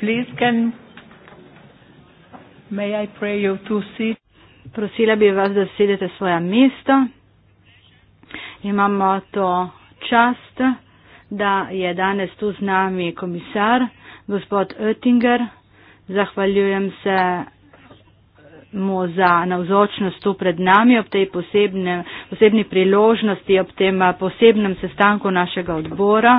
Please can may I pray you to sit. Prosila bi vas, da sedete svoja mesta. Imamo to čast, da je danes tu z nami komisar, gospod Oettinger. Zahvaljujem se mu za navzočnost tu pred nami ob tej posebne, posebni priložnosti, ob tem eh, posebnem sestanku našega odbora.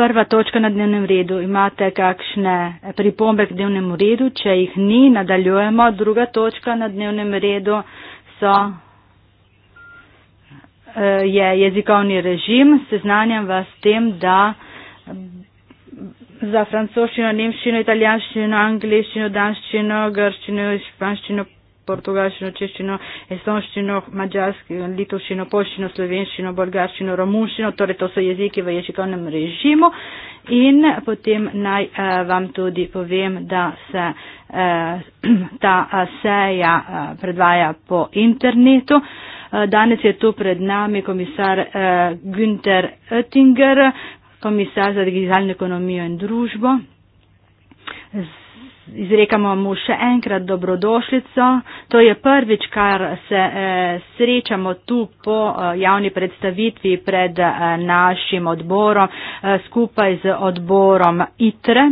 prva točka na dnevnem redu. Imate kakšne pripombe k dnevnemu redu? Če jih ni, nadaljujemo. Druga točka na dnevnem redu so, eh, je jezikovni režim. Seznanjam vas tem, da za francoščino, nemščino, italijanščino, angliščino, danščino, grščino, španščino, portugalščino, češčino, estonščino, mađarščino, litovščino, polščino, slovenščino, bolgarščino, romunščino, torej to so jeziki v ježikovnem režimu. In potem naj eh, vam tudi povem, da se eh, ta eh, seja eh, predvaja po internetu. Eh, danes je tu pred nami komisar eh, Günter Oettinger, komisar za digitalno ekonomijo in družbo. Z izrekamo mu še enkrat dobrodošljico. To je prvič, kar se eh, srečamo tu po eh, javni predstavitvi pred eh, našim odborom eh, skupaj z odborom ITRE.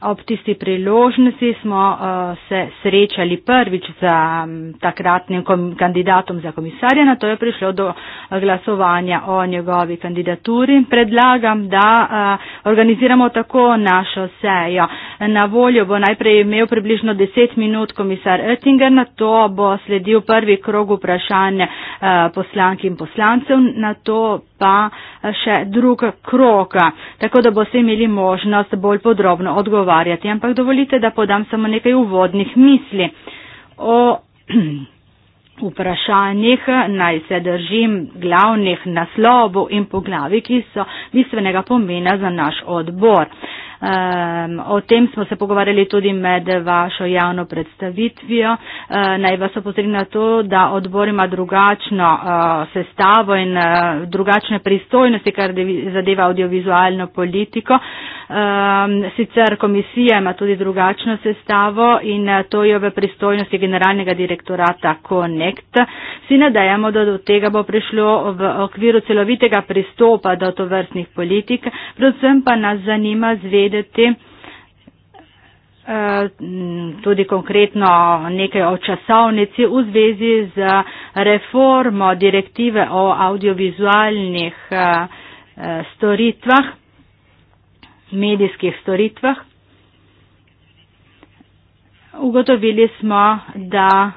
Ob tisti priložnosti smo uh, se srečali prvič z um, takratnim kom, kandidatom za komisarja, na to je prišlo do uh, glasovanja o njegovi kandidaturi. Predlagam, da uh, organiziramo tako našo sejo. Na voljo bo najprej imel približno 10 minut komisar Oettinger, na to bo sledil prvi krog vprašanja uh, poslank in poslancev, na to pa eh, še drug krok, tako da boste imeli možnost bolj podrobno odgovarjati. Ampak dovolite, da podam samo nekaj uvodnih misli o vprašanjih, naj se držim glavnih naslovov in poglavij, ki so bistvenega pomena za naš odbor. Um, o tem smo se pogovarjali tudi med vašo javno predstavitvijo. Uh, naj vas opozorim na to, da odbor ima drugačno uh, sestavo in uh, drugačne pristojnosti, kar zadeva audiovizualno politiko. Um, sicer komisija ima tudi drugačno sestavo in uh, to je v pristojnosti generalnega direktorata Connect. Vsi nadajamo, da do tega bo prišlo v okviru celovitega pristopa do tovrstnih politik. Predvsem pa nas zanima zvezda povedati. Eh, tudi konkretno nekaj o časovnici v zvezi z reformo direktive o audiovizualnih eh, eh, storitvah, medijskih storitvah. Ugotovili smo, da.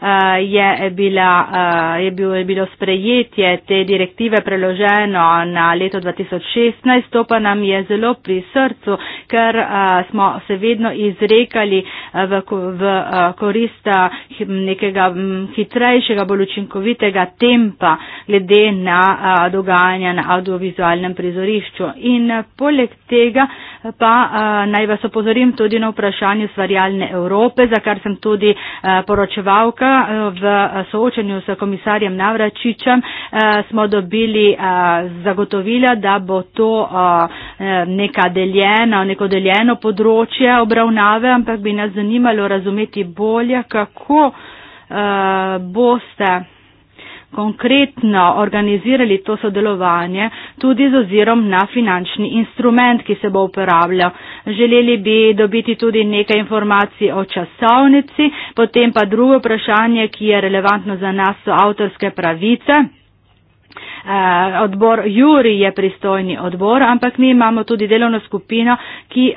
Eh, je, eh, bila, eh, je, bil, je bilo sprejetje te direktive preloženo na leto 2016, to pa nam je zelo pri srcu, ker smo se vedno izrekali v, v korist nekega hitrejšega, bolj učinkovitega tempa glede na dogajanja na audiovizualnem prizorišču. In poleg tega pa naj vas opozorim tudi na vprašanje stvarjalne Evrope, za kar sem tudi poročevalka Hrvatska eh, v soočenju s komisarjem Navračičem eh, smo dobili eh, zagotovila, da bo to neka deljena, neko deljeno področje obravnave, ampak bi nas zanimalo razumeti bolje, kako boste konkretno organizirali to sodelovanje tudi z ozirom na finančni instrument, ki se bo uporabljal. Želeli bi dobiti tudi nekaj informacij o časovnici, potem pa drugo vprašanje, ki je relevantno za nas, so avtorske pravice. Eh, odbor Juri je pristojni odbor, ampak mi imamo tudi delovno skupino, ki eh,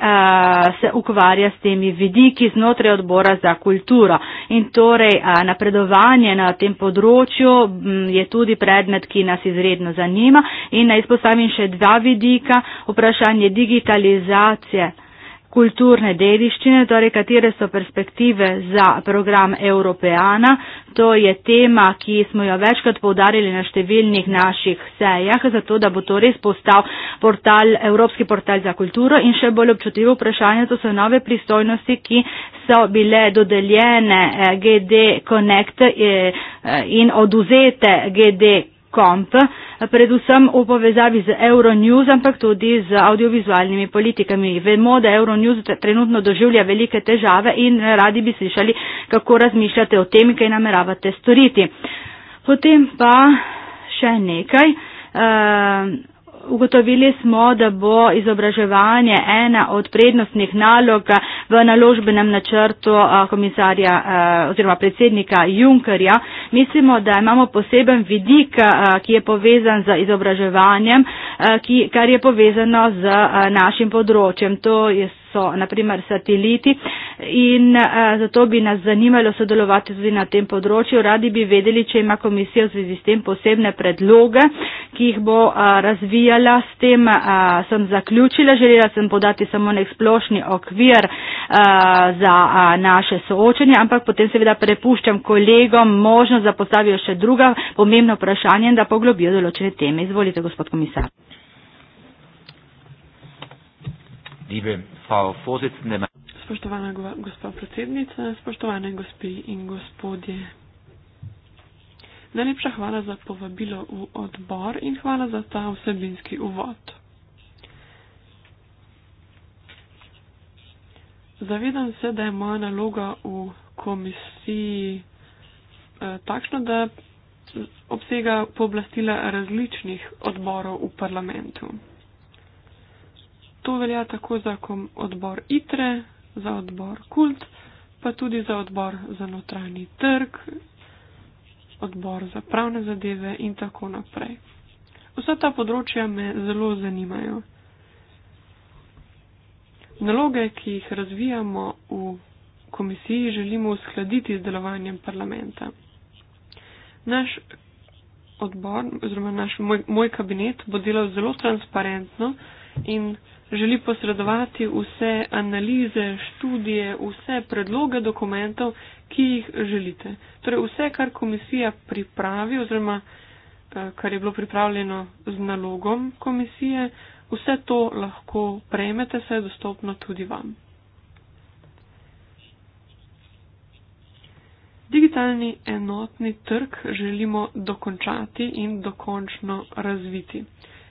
se ukvarja s temi vidiki znotraj odbora za kulturo. In torej eh, napredovanje na tem področju mm, je tudi predmet, ki nas izredno zanima. In naj izpostavim še dva vidika. Vprašanje digitalizacije kulturne dediščine, torej katere so perspektive za program Europeana. To je tema, ki smo jo večkrat povdarili na številnih naših sejah, zato da bo to res postal portal, Evropski portal za kulturo in še bolj občutljivo vprašanje, to so nove pristojnosti, ki so bile dodeljene eh, GD Connect eh, eh, in oduzete GD Connect kont, predvsem v povezavi z Euronews, ampak tudi z audiovizualnimi politikami. Vemo, da Euronews trenutno doživlja velike težave in eh, radi bi slišali, kako razmišljate o tem, kaj nameravate storiti. Potem pa še nekaj. Uh, ugotovili smo, da bo izobraževanje ena od prednostnih nalog v naložbenem načrtu eh, komisarja eh, oziroma predsednika Junkerja. Mislimo, da imamo poseben vidik, eh, ki je povezan z izobraževanjem, kar je povezano z našim področjem. To so naprimer sateliti in eh, zato bi nas zanimalo sodelovati tudi na tem področju. Radi bi vedeli, če ima komisija v zvezi s tem posebne predloge, ki jih bo eh, razvijala. S tem eh, sem zaključila. Želela sem podati samo nek splošni okvir za naše soočenje, ampak potem seveda prepuščam kolegom možnost, da postavijo še druga pomembna vprašanja in da poglobijo določene teme. Izvolite, gospod komisar. Liebe Spoštovana gospa predsednica, spoštovane gospe in gospodje. Najlepša hvala za povabilo v odbor in hvala za ta vsebinski uvod. Zavedam se, da je moja naloga v komisiji eh, takšna, da obsega pooblastila različnih odborov v parlamentu to velja tako za odbor ITRE, za odbor KULT, pa tudi za odbor za notranji trg, odbor za pravne zadeve in tako naprej. Vsa ta področja me zelo zanimajo. Naloge, ki jih razvijamo v komisiji, želimo uskladiti z delovanjem parlamenta. Naš odbor, oziroma naš, moj, moj kabinet bo delal zelo transparentno in želi posredovati vse analize, študije, vse predloge dokumentov, ki jih želite. Torej vse, kar komisija pripravi oziroma eh, kar je bilo pripravljeno z nalogom komisije, vse to lahko prejmete, se je dostopno tudi vam. Digitalni enotni trg želimo dokončati in dokončno razviti.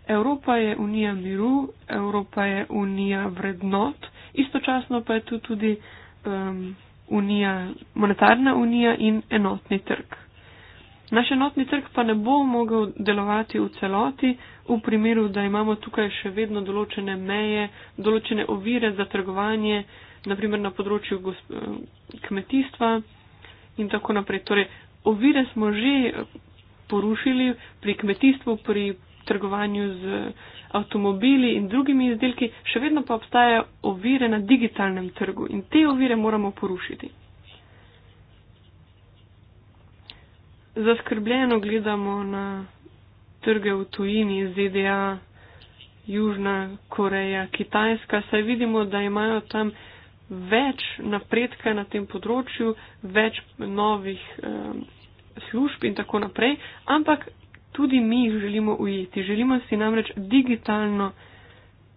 Evropa je unija miru, Evropa je unija vrednot, istočasno pa je tu tudi um, unija, monetarna unija in enotni trg. Naš enotni trg pa ne bo mogel delovati v celoti, v primeru, da imamo tukaj še vedno določene meje, določene ovire za trgovanje, naprimer na področju eh, kmetijstva in tako naprej. Torej, ovire smo že porušili pri kmetijstvu, pri trgovanju z avtomobili in drugimi izdelki, še vedno pa obstajajo ovire na digitalnem trgu in te ovire moramo porušiti. Zaskrbljeno gledamo na trge v tujini, ZDA, Južna Koreja, Kitajska, saj vidimo, da imajo tam več napredka na tem področju, več novih um, služb in tako naprej, ampak tudi mi jih želimo ujeti. Želimo si namreč digitalno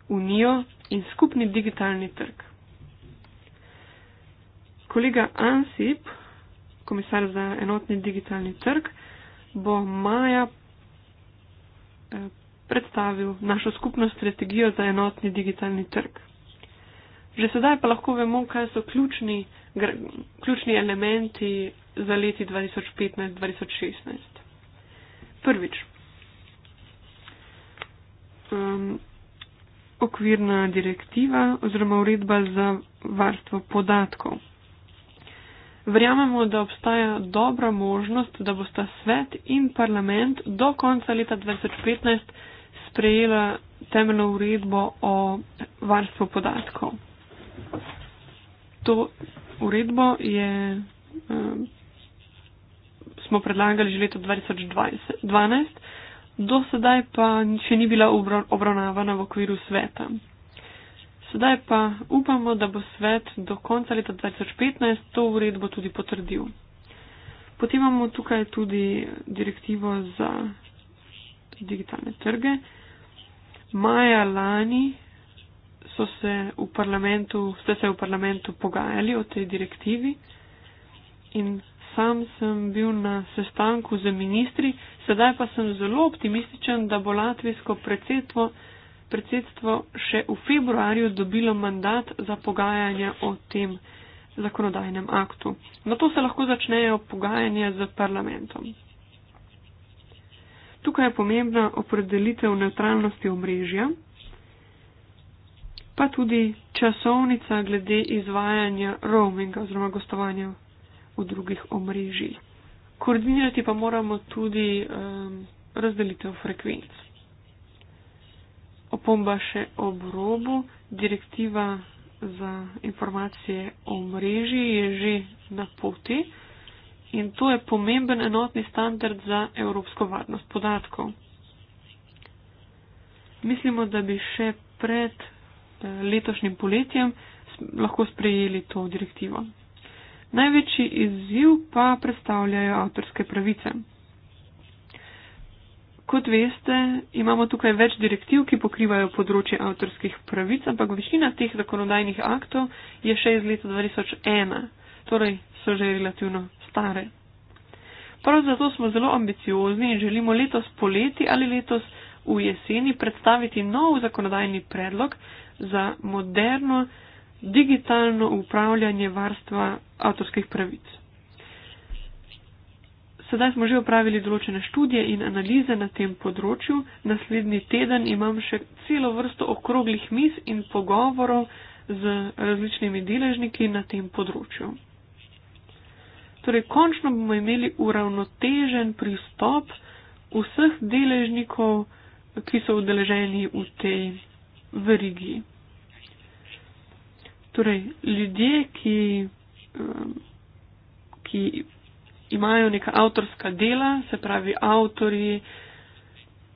unijo in skupni digitalni trg. Kolega Ansip, komisar za enotni digitalni trg, bo maja eh, predstavil našo skupno strategijo za enotni digitalni trg. Že sedaj pa lahko vemo, kaj so ključni, ključni elementi za leti 2015-2016. Prvič. Um, okvirna direktiva oziroma uredba za varstvo podatkov. Verjamemo, da obstaja dobra možnost, da bosta svet in parlament do konca leta 2015 sprejela temeljno uredbo o varstvu podatkov. To uredbo je um, smo predlagali že leta 2012, do sedaj pa še ni bila obravnavana v okviru sveta. Sedaj pa upamo, da bo svet do konca leta 2015 to uredbo tudi potrdil. Potem imamo tukaj tudi direktivo za digitalne trge. Maja lani so se v parlamentu, ste se v parlamentu pogajali o tej direktivi in sam sem bil na sestanku z ministri, sedaj pa sem zelo optimističen, da bo latvijsko predsedstvo, predsedstvo še v februarju dobilo mandat za pogajanje o tem zakonodajnem aktu. Na to se lahko začnejo pogajanje z parlamentom. Tukaj je pomembna opredelitev neutralnosti omrežja, pa tudi časovnica glede izvajanja roaminga oziroma gostovanja v drugih omrežjih. Koordinirati pa moramo tudi um, razdelitev frekvenc. Opomba še ob robu. Direktiva za informacije o mreži je že na poti in to je pomemben enotni standard za evropsko varnost podatkov. Mislimo, da bi še pred eh, letošnjim poletjem lahko sprejeli to direktivo. Največji izziv pa predstavljajo avtorske pravice. Kot veste, imamo tukaj več direktiv, ki pokrivajo področje avtorskih pravic, ampak večina teh zakonodajnih aktov je še iz leta 2001, torej so že relativno stare. Prav zato smo zelo ambiciozni in želimo letos poleti ali letos v jeseni predstaviti nov zakonodajni predlog za moderno digitalno upravljanje varstva avtorskih pravic. Sedaj smo že upravili določene študije in analize na tem področju. Naslednji teden imam še celo vrsto okroglih mis in pogovorov z različnimi deležniki na tem področju. Torej, končno bomo imeli uravnotežen pristop vseh deležnikov, ki so udeleženi v tej verigi. Torej, ljudje, ki, um, ki imajo neka avtorska dela, se pravi avtori,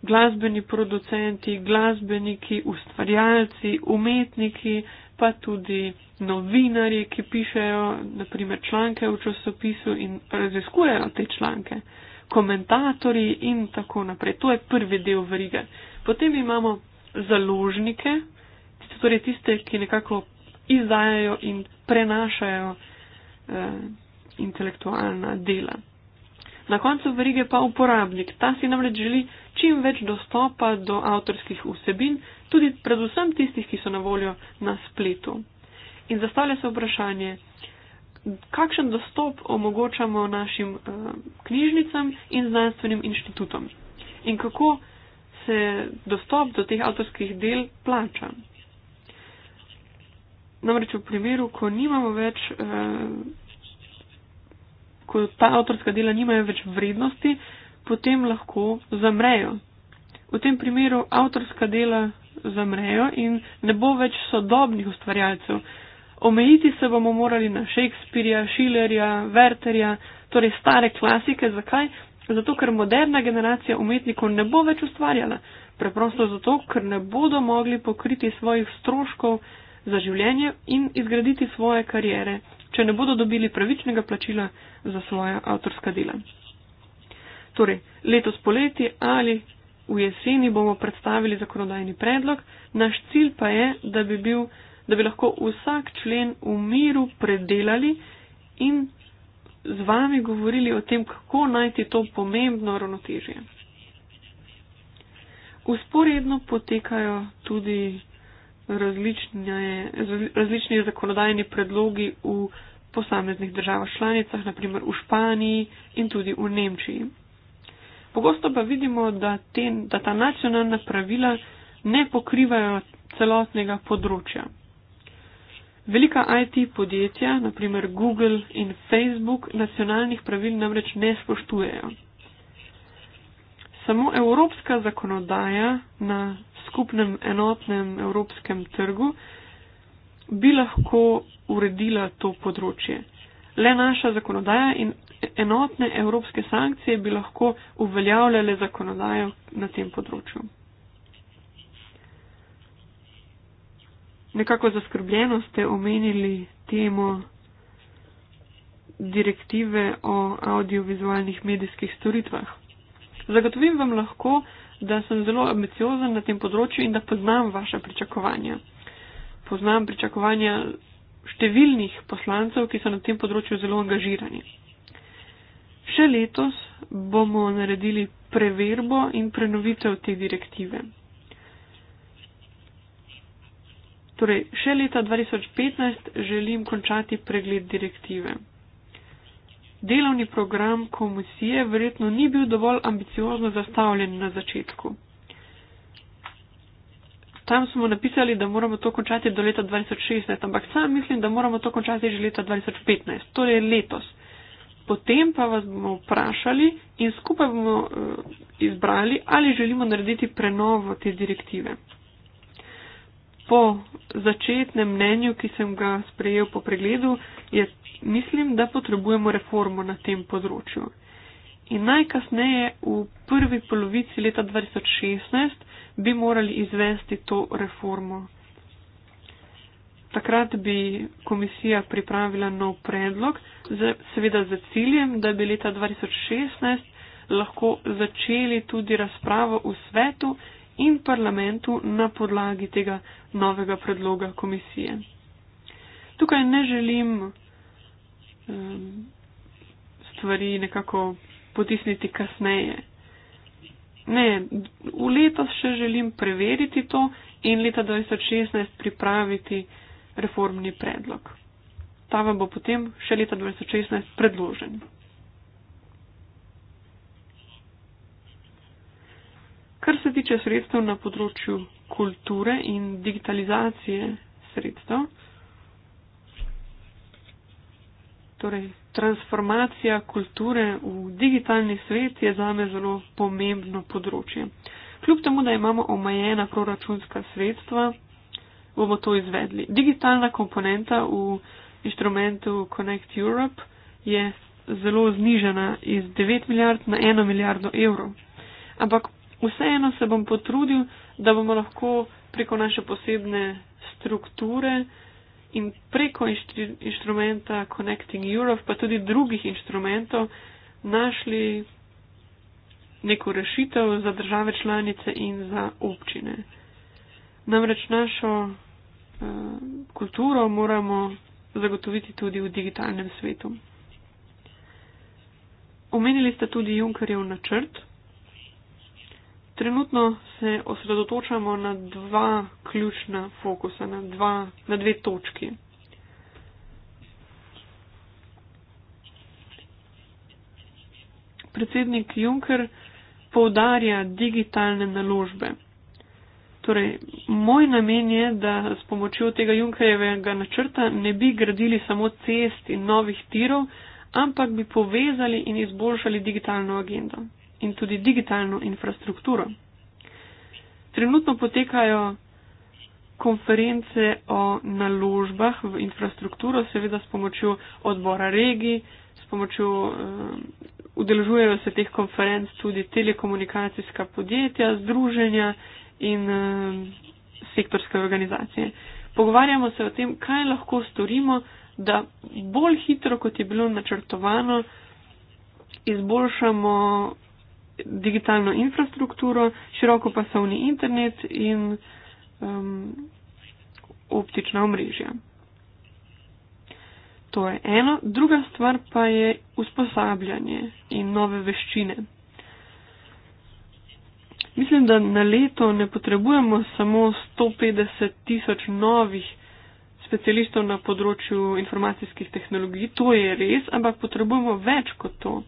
glasbeni producenti, glasbeniki, ustvarjalci, umetniki, pa tudi novinari, ki pišejo naprimer članke v časopisu in raziskujejo te članke, komentatorji in tako naprej. To je prvi del verige. Potem imamo založnike, tiste, torej tiste, ki nekako izdajajo in prenašajo eh, intelektualna dela. Na koncu verige pa uporabnik. Ta si namreč želi čim več dostopa do avtorskih vsebin, tudi predvsem tistih, ki so na voljo na spletu. In zastavlja se vprašanje, kakšen dostop omogočamo našim eh, knjižnicam in znanstvenim inštitutom. In kako se dostop do teh avtorskih del plača. Namreč v primeru, ko nimamo več, eh, ko ta avtorska dela nimajo več vrednosti, potem lahko zamrejo. V tem primeru avtorska dela zamrejo in ne bo več sodobnih ustvarjalcev. Omejiti se bomo morali na Shakespearja, Schillerja, Werterja, torej stare klasike. Zakaj? Zato, ker moderna generacija umetnikov ne bo več ustvarjala. Preprosto zato, ker ne bodo mogli pokriti svojih stroškov za življenje in izgraditi svoje karijere, če ne bodo dobili pravičnega plačila za svoja avtorska dela. Torej, letos poleti ali v jeseni bomo predstavili zakonodajni predlog, naš cilj pa je, da bi, bil, da bi lahko vsak člen v miru predelali in z vami govorili o tem, kako najti to pomembno ravnotežje. Usporedno potekajo tudi različne, različni zakonodajni predlogi v posameznih državah članicah, naprimer v Španiji in tudi v Nemčiji. Pogosto pa vidimo, da, te, da ta nacionalna pravila ne pokrivajo celotnega področja. Velika IT podjetja, naprimer Google in Facebook, nacionalnih pravil namreč ne spoštujejo. Samo evropska zakonodaja na skupnem enotnem evropskem trgu bi lahko uredila to področje. Le naša zakonodaja in enotne evropske sankcije bi lahko uveljavljale zakonodajo na tem področju. Nekako zaskrbljeno ste omenili temo direktive o audiovizualnih medijskih storitvah. Zagotovim vam lahko, da sem zelo ambiciozen na tem področju in da poznam vaše pričakovanja. Poznam pričakovanja številnih poslancev, ki so na tem področju zelo angažirani. Še letos bomo naredili preverbo in prenovitev te direktive. Torej, še leta 2015 želim končati pregled direktive delovni program komisije verjetno ni bil dovolj ambiciozno zastavljen na začetku. Tam smo napisali, da moramo to končati do leta 2016, ampak sam mislim, da moramo to končati že leta 2015, torej letos. Potem pa vas bomo vprašali in skupaj bomo eh, izbrali, ali želimo narediti prenovo te direktive. Po začetnem mnenju, ki sem ga sprejel po pregledu, je mislim, da potrebujemo reformo na tem področju. In najkasneje v prvi polovici leta 2016 bi morali izvesti to reformo. Takrat bi komisija pripravila nov predlog, seveda za ciljem, da bi leta 2016 lahko začeli tudi razpravo v svetu in parlamentu na podlagi tega novega predloga komisije. Tukaj ne želim um, stvari nekako potisniti kasneje. Ne, v letos še želim preveriti to in leta 2016 pripraviti reformni predlog. Ta vam bo potem še leta 2016 predložen. Kar se tiče sredstev na področju kulture in digitalizacije sredstev, Torej, transformacija kulture v digitalni svet je za me zelo pomembno področje. Kljub temu, da imamo omejena proračunska sredstva, bomo to izvedli. Digitalna komponenta v inštrumentu Connect Europe je zelo znižena iz 9 milijard na 1 milijardo evrov. Ampak vseeno se bom potrudil, da bomo lahko preko naše posebne strukture in preko inštrumenta Connecting Europe, pa tudi drugih inštrumentov, našli neko rešitev za države članice in za občine. Namreč našo uh, kulturo moramo zagotoviti tudi v digitalnem svetu. Omenili ste tudi Junkerjev načrt. Trenutno se osredotočamo na dva ključna fokusa, na, dva, na dve točki. Predsednik Juncker poudarja digitalne naložbe. Torej, moj namen je, da s pomočjo tega Junckerjevega načrta ne bi gradili samo cest in novih tirov, ampak bi povezali in izboljšali digitalno agendo in tudi digitalno infrastrukturo. Trenutno potekajo konference o naložbah v infrastrukturo, seveda s pomočjo odbora regij, s pomočjo uh, udeležujejo se teh konferenc tudi telekomunikacijska podjetja, združenja in uh, sektorske organizacije. Pogovarjamo se o tem, kaj lahko storimo, da bolj hitro, kot je bilo načrtovano, izboljšamo digitalno infrastrukturo, široko pasovni internet in um, optična omrežja. To je eno. Druga stvar pa je usposabljanje in nove veščine. Mislim, da na leto ne potrebujemo samo 150 tisoč novih specialistov na področju informacijskih tehnologij. To je res, ampak potrebujemo več kot to.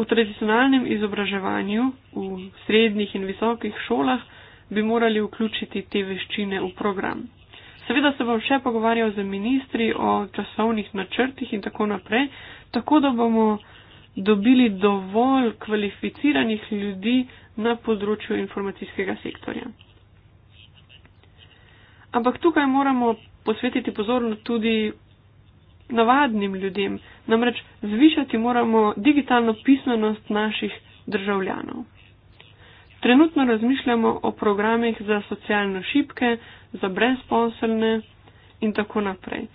V tradicionalnem izobraževanju v srednjih in visokih šolah bi morali vključiti te veščine v program. Seveda se bom še pogovarjal z ministri o časovnih načrtih in tako naprej, tako da bomo dobili dovolj kvalificiranih ljudi na področju informacijskega sektorja. Ampak tukaj moramo posvetiti pozornost tudi navadnim ljudem. Namreč zvišati moramo digitalno pismenost naših državljanov. Trenutno razmišljamo o programih za socialno šibke, za brezposelne in tako naprej.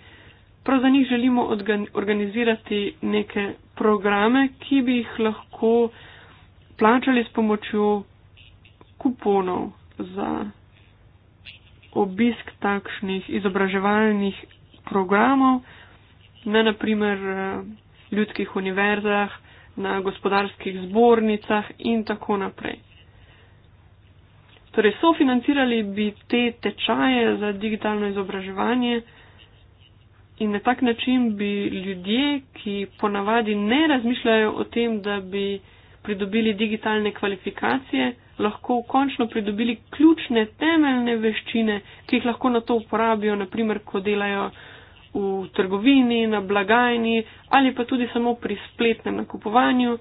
Prav za njih želimo organizirati neke programe, ki bi jih lahko plačali s pomočjo kuponov za obisk takšnih izobraževalnih programov ne na primer eh, ljudskih univerzah, na gospodarskih zbornicah in tako naprej. Torej, sofinancirali bi te tečaje za digitalno izobraževanje in na tak način bi ljudje, ki ponavadi ne razmišljajo o tem, da bi pridobili digitalne kvalifikacije, lahko končno pridobili ključne temeljne veščine, ki jih lahko na to uporabijo, naprimer, ko delajo v trgovini, na blagajni ali pa tudi samo pri spletnem nakupovanju,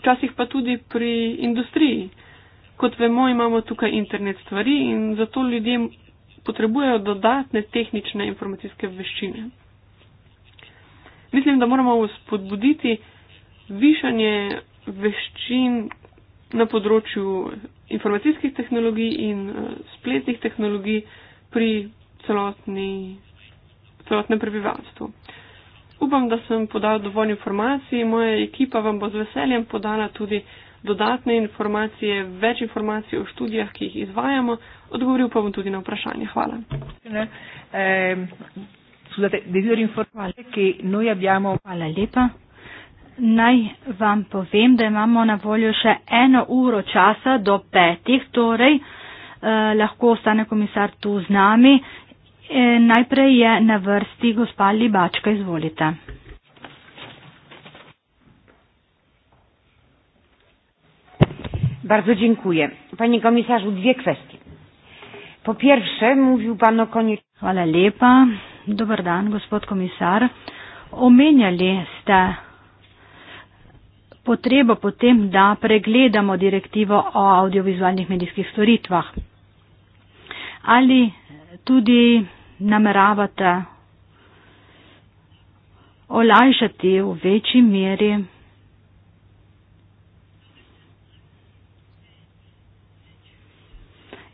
včasih pa tudi pri industriji. Kot vemo, imamo tukaj internet stvari in zato ljudje potrebujejo dodatne tehnične informacijske veščine. Mislim, da moramo spodbuditi višanje veščin na področju informacijskih tehnologij in eh, spletnih tehnologij pri celotni celotnem prebivalstvu. Upam, da sem podal dovolj informacij, moja ekipa vam bo z veseljem podala tudi dodatne informacije, več informacij o študijah, ki jih izvajamo, odgovoril pa bom tudi na vprašanje. Hvala. Eh, ehm, Hvala lepa. Naj vam povem, da imamo na voljo še eno uro časa do petih, torej eh, lahko ostane komisar tu z nami E, najprej je na vrsti gospa Libačka, izvolite. Bardzo dziękuję. Panie komisarzu, dwie kwestie. Po pierwsze, mówił pan o konieczności. Hvala lepa. Dobar dan, gospod komisar. Omenjali ste potrebo potem, da pregledamo direktivo o audiovizualnih medijskih storitvah. Ali tudi nameravate olajšati v večji meri.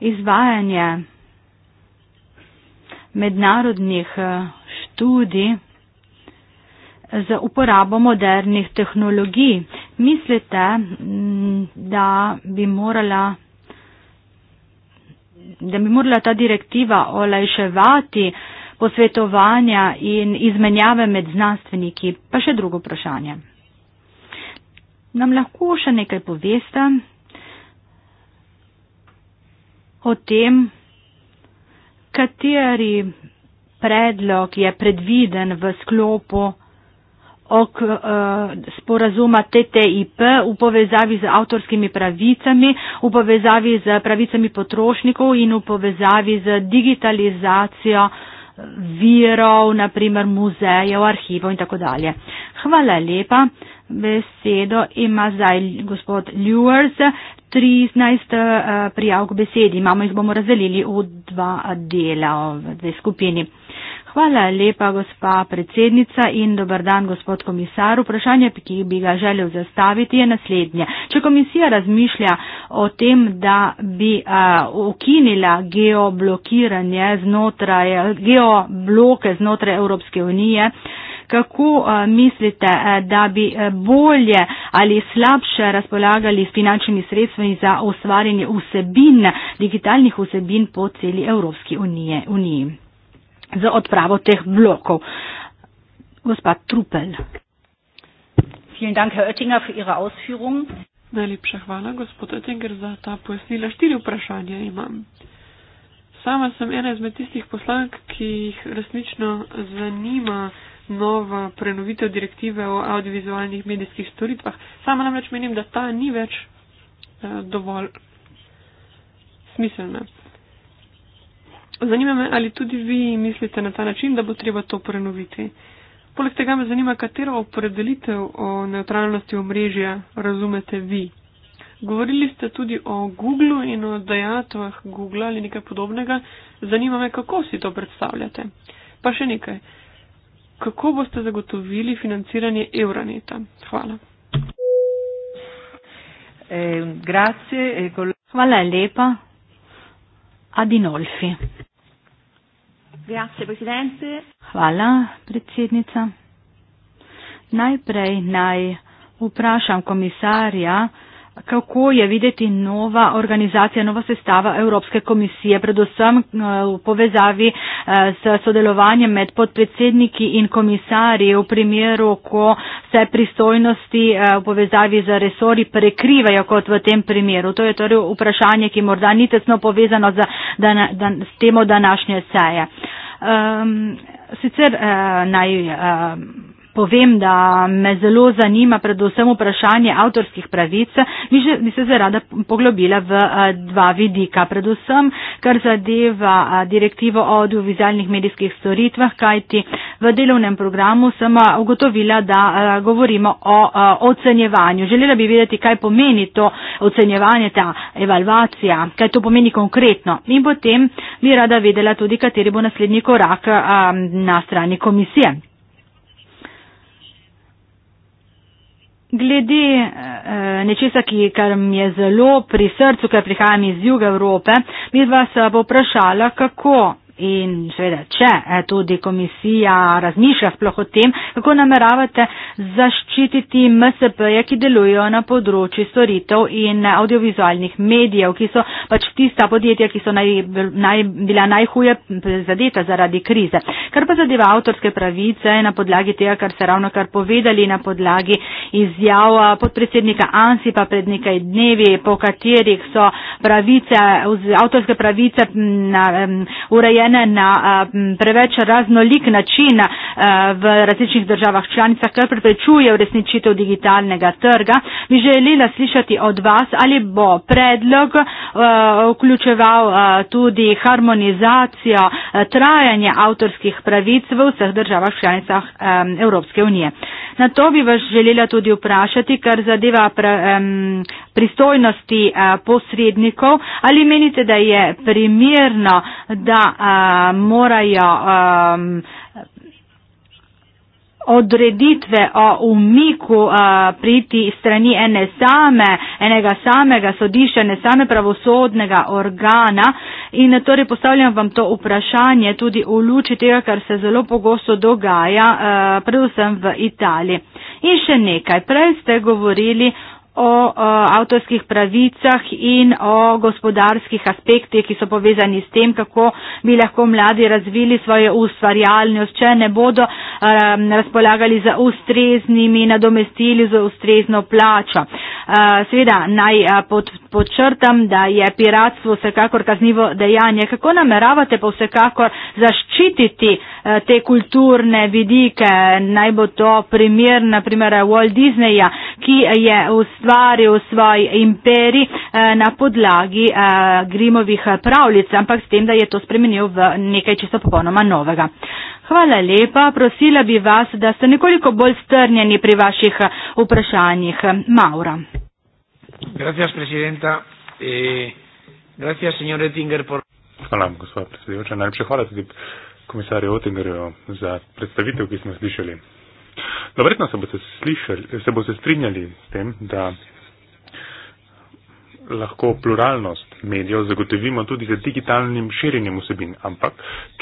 Izvajanje mednarodnih eh, študij za uporabo modernih tehnologij. Mislite, mm, da bi morala da bi morala ta direktiva olajševati posvetovanja in izmenjave med znanstveniki. Pa še drugo vprašanje. Nam lahko še nekaj poveste o tem, kateri predlog je predviden v sklopu ok, uh, sporazuma TTIP v povezavi z avtorskimi pravicami, v povezavi z pravicami potrošnikov in v povezavi z digitalizacijo virov, naprimer muzejev, arhivov in tako dalje. Hvala lepa. Besedo ima zdaj gospod Lewers, 13 eh, prijav k besedi. Imamo jih bomo razdelili v dva dela, v dve skupini. Hvala lepa, gospa predsednica in dobar dan, gospod komisar. Vprašanje, ki bi ga želel zastaviti, je naslednje. Če komisija razmišlja o tem, da bi ukinila geoblokiranje znotraj, geobloke znotraj Evropske unije, kako mislite, da bi bolje ali slabše razpolagali s finančnimi sredstvi za ustvarjanje vsebin, digitalnih vsebin po celi Evropski unije, uniji? za odpravo teh blokov. Gospa Trupel. Vielen Dank, Herr Oettinger, für Ihre Ausführungen. Najlepša hvala, gospod Oettinger, za ta pojasnila. Štiri vprašanja imam. Sama sem ena izmed tistih poslank, ki jih resnično zanima nova prenovitev direktive o audiovizualnih medijskih storitvah. Sama namreč menim, da ta ni več eh, dovolj smiselna. Zanima me, ali tudi vi mislite na ta način, da bo treba to prenoviti. Poleg tega me zanima, katero opredelitev o neutralnosti omrežja razumete vi. Govorili ste tudi o Google in o dajatvah Google ali nekaj podobnega. Zanima me, kako si to predstavljate. Pa še nekaj. Kako boste zagotovili financiranje Euroneta? Hvala. Eh, eh, Hvala lepa. Adinolfi. Hvala, predsednica. Najprej naj vprašam komisarja, Kako je videti nova organizacija, nova sestava Evropske komisije, predvsem eh, v povezavi eh, s sodelovanjem med podpredsedniki in komisarji v primeru, ko se pristojnosti eh, v povezavi z resori prekrivajo kot v tem primeru? To je torej vprašanje, ki morda ni tesno povezano z, dan, dan, s temo današnje seje. Um, sicer uh, naj. Uh, povem, da me zelo zanima predvsem vprašanje avtorskih pravic, bi, že, bi se zarada poglobila v eh, dva vidika. Predvsem, kar zadeva eh, direktivo o audiovizualnih medijskih storitvah, kajti v delovnem programu sem eh, ugotovila, da govorimo o ocenjevanju. Želela bi vedeti, kaj pomeni to ocenjevanje, ta evalvacija, kaj to pomeni konkretno. In potem bi rada vedela tudi, kateri bo naslednji korak na strani komisije. Glede e, nečesa, ki kar mi je zelo pri srcu, ker prihajam iz juga Evrope, bi vas vprašala, kako in seveda, če eh, tudi komisija razmišlja sploh o tem, kako nameravate zaščititi MSP-je, ki delujejo na področju storitev in audiovizualnih medijev, ki so pač tista podjetja, ki so naj, naj, bila najhuje zadeta zaradi krize. Kar pa zadeva avtorske pravice na podlagi tega, kar ste ravno kar povedali, na podlagi izjav eh, podpredsednika Ansipa pred nekaj dnevi, po katerih so pravice, avtorske pravice na, um, urejene razdeljene na preveč raznolik način v različnih državah članicah, kar preprečuje uresničitev digitalnega trga. Bi želela slišati od vas, ali bo predlog vključeval tudi harmonizacijo trajanja avtorskih pravic v vseh državah članicah Evropske unije. Na to bi vas želela tudi vprašati, kar zadeva pristojnosti posrednikov. Ali menite, da je primerno da uh, morajo um, odreditve o umiku uh, priti strani ene same, enega samega sodišča, ene same pravosodnega organa. In torej postavljam vam to vprašanje tudi v luči tega, kar se zelo pogosto dogaja, uh, predvsem v Italiji. In še nekaj, prej ste govorili o avtorskih pravicah in o gospodarskih aspektih, ki so povezani s tem, kako bi lahko mladi razvili svojo ustvarjalnost, če ne bodo um, razpolagali z ustreznimi nadomestili, z ustrezno plačo. Uh, seveda naj uh, pod, podčrtam, da je piratstvo vsekakor kaznivo dejanje. Kako nameravate pa vsekakor zaščititi uh, te kulturne vidike, naj bo to primer, naprimer, Walt Disneyja, ki je ustvarjal ustvaril svoj imperij eh, na podlagi eh, Grimovih eh, pravljic, ampak s tem, da je to spremenil v nekaj čisto popolnoma novega. Hvala lepa, prosila bi vas, da ste nekoliko bolj strnjeni pri vaših vprašanjih. Maura. Gracias, presidenta. Eh, gracias, señor Ettinger. Por... Hvala, gospod predsedujoča. Najlepša hvala tudi komisarju Ettingerju za predstavitev, ki smo slišali. No, verjetno se boste, slišali, se boste strinjali s tem, da lahko pluralnost medijev zagotovimo tudi z digitalnim širjenjem vsebin. Ampak,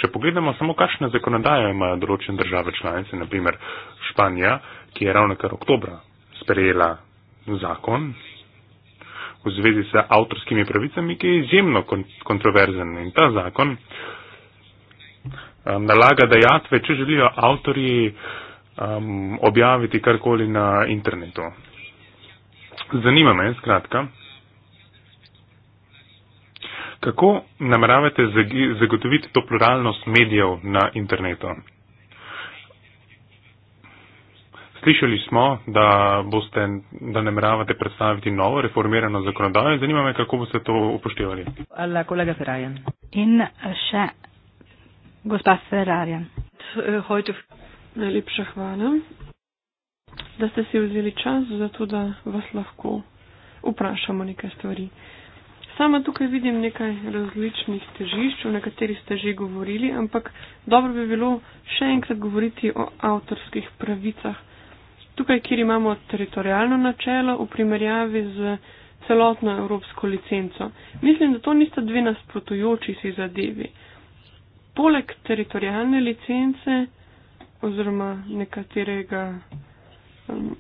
če pogledamo samo, kakšne zakonodaje imajo določene države članice, naprimer Španija, ki je ravno kar oktobra sprejela zakon v zvezi s avtorskimi pravicami, ki je izjemno kontroverzen. In ta zakon um, nalaga dejatve, če želijo avtori uh, um, objaviti karkoli na internetu. Zanima me, skratka, kako nameravate zagotoviti to pluralnost medijev na internetu? Slišali smo, da, boste, da ne meravate predstaviti novo reformirano zakonodajo. Zanima me, kako boste to upoštevali. Hvala, kolega Ferrajen. In še gospa Ferrajen. Najlepša hvala, da ste si vzeli čas za to, da vas lahko vprašamo nekaj stvari. Sama tukaj vidim nekaj različnih težišč, o nekaterih ste že govorili, ampak dobro bi bilo še enkrat govoriti o avtorskih pravicah. Tukaj, kjer imamo teritorijalno načelo v primerjavi z celotno evropsko licenco. Mislim, da to nista dve nasprotujoči si zadevi. Poleg teritorijalne licence oziroma nekaterega um,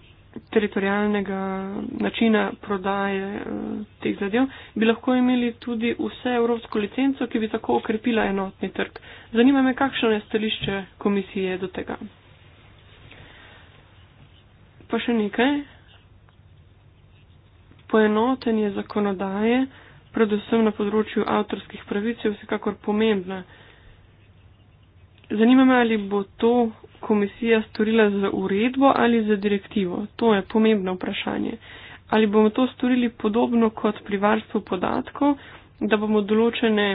teritorijalnega načina prodaje uh, teh zadev, bi lahko imeli tudi vse evropsko licenco, ki bi tako okrepila enotni trg. Zanima me, kakšno je stališče komisije do tega. Pa še nekaj. Poenotenje zakonodaje, predvsem na področju avtorskih pravic, je vsekakor pomembna. Zanima me, ali bo to komisija storila z uredbo ali z direktivo? To je pomembno vprašanje. Ali bomo to storili podobno kot pri varstvu podatkov, da bomo določene,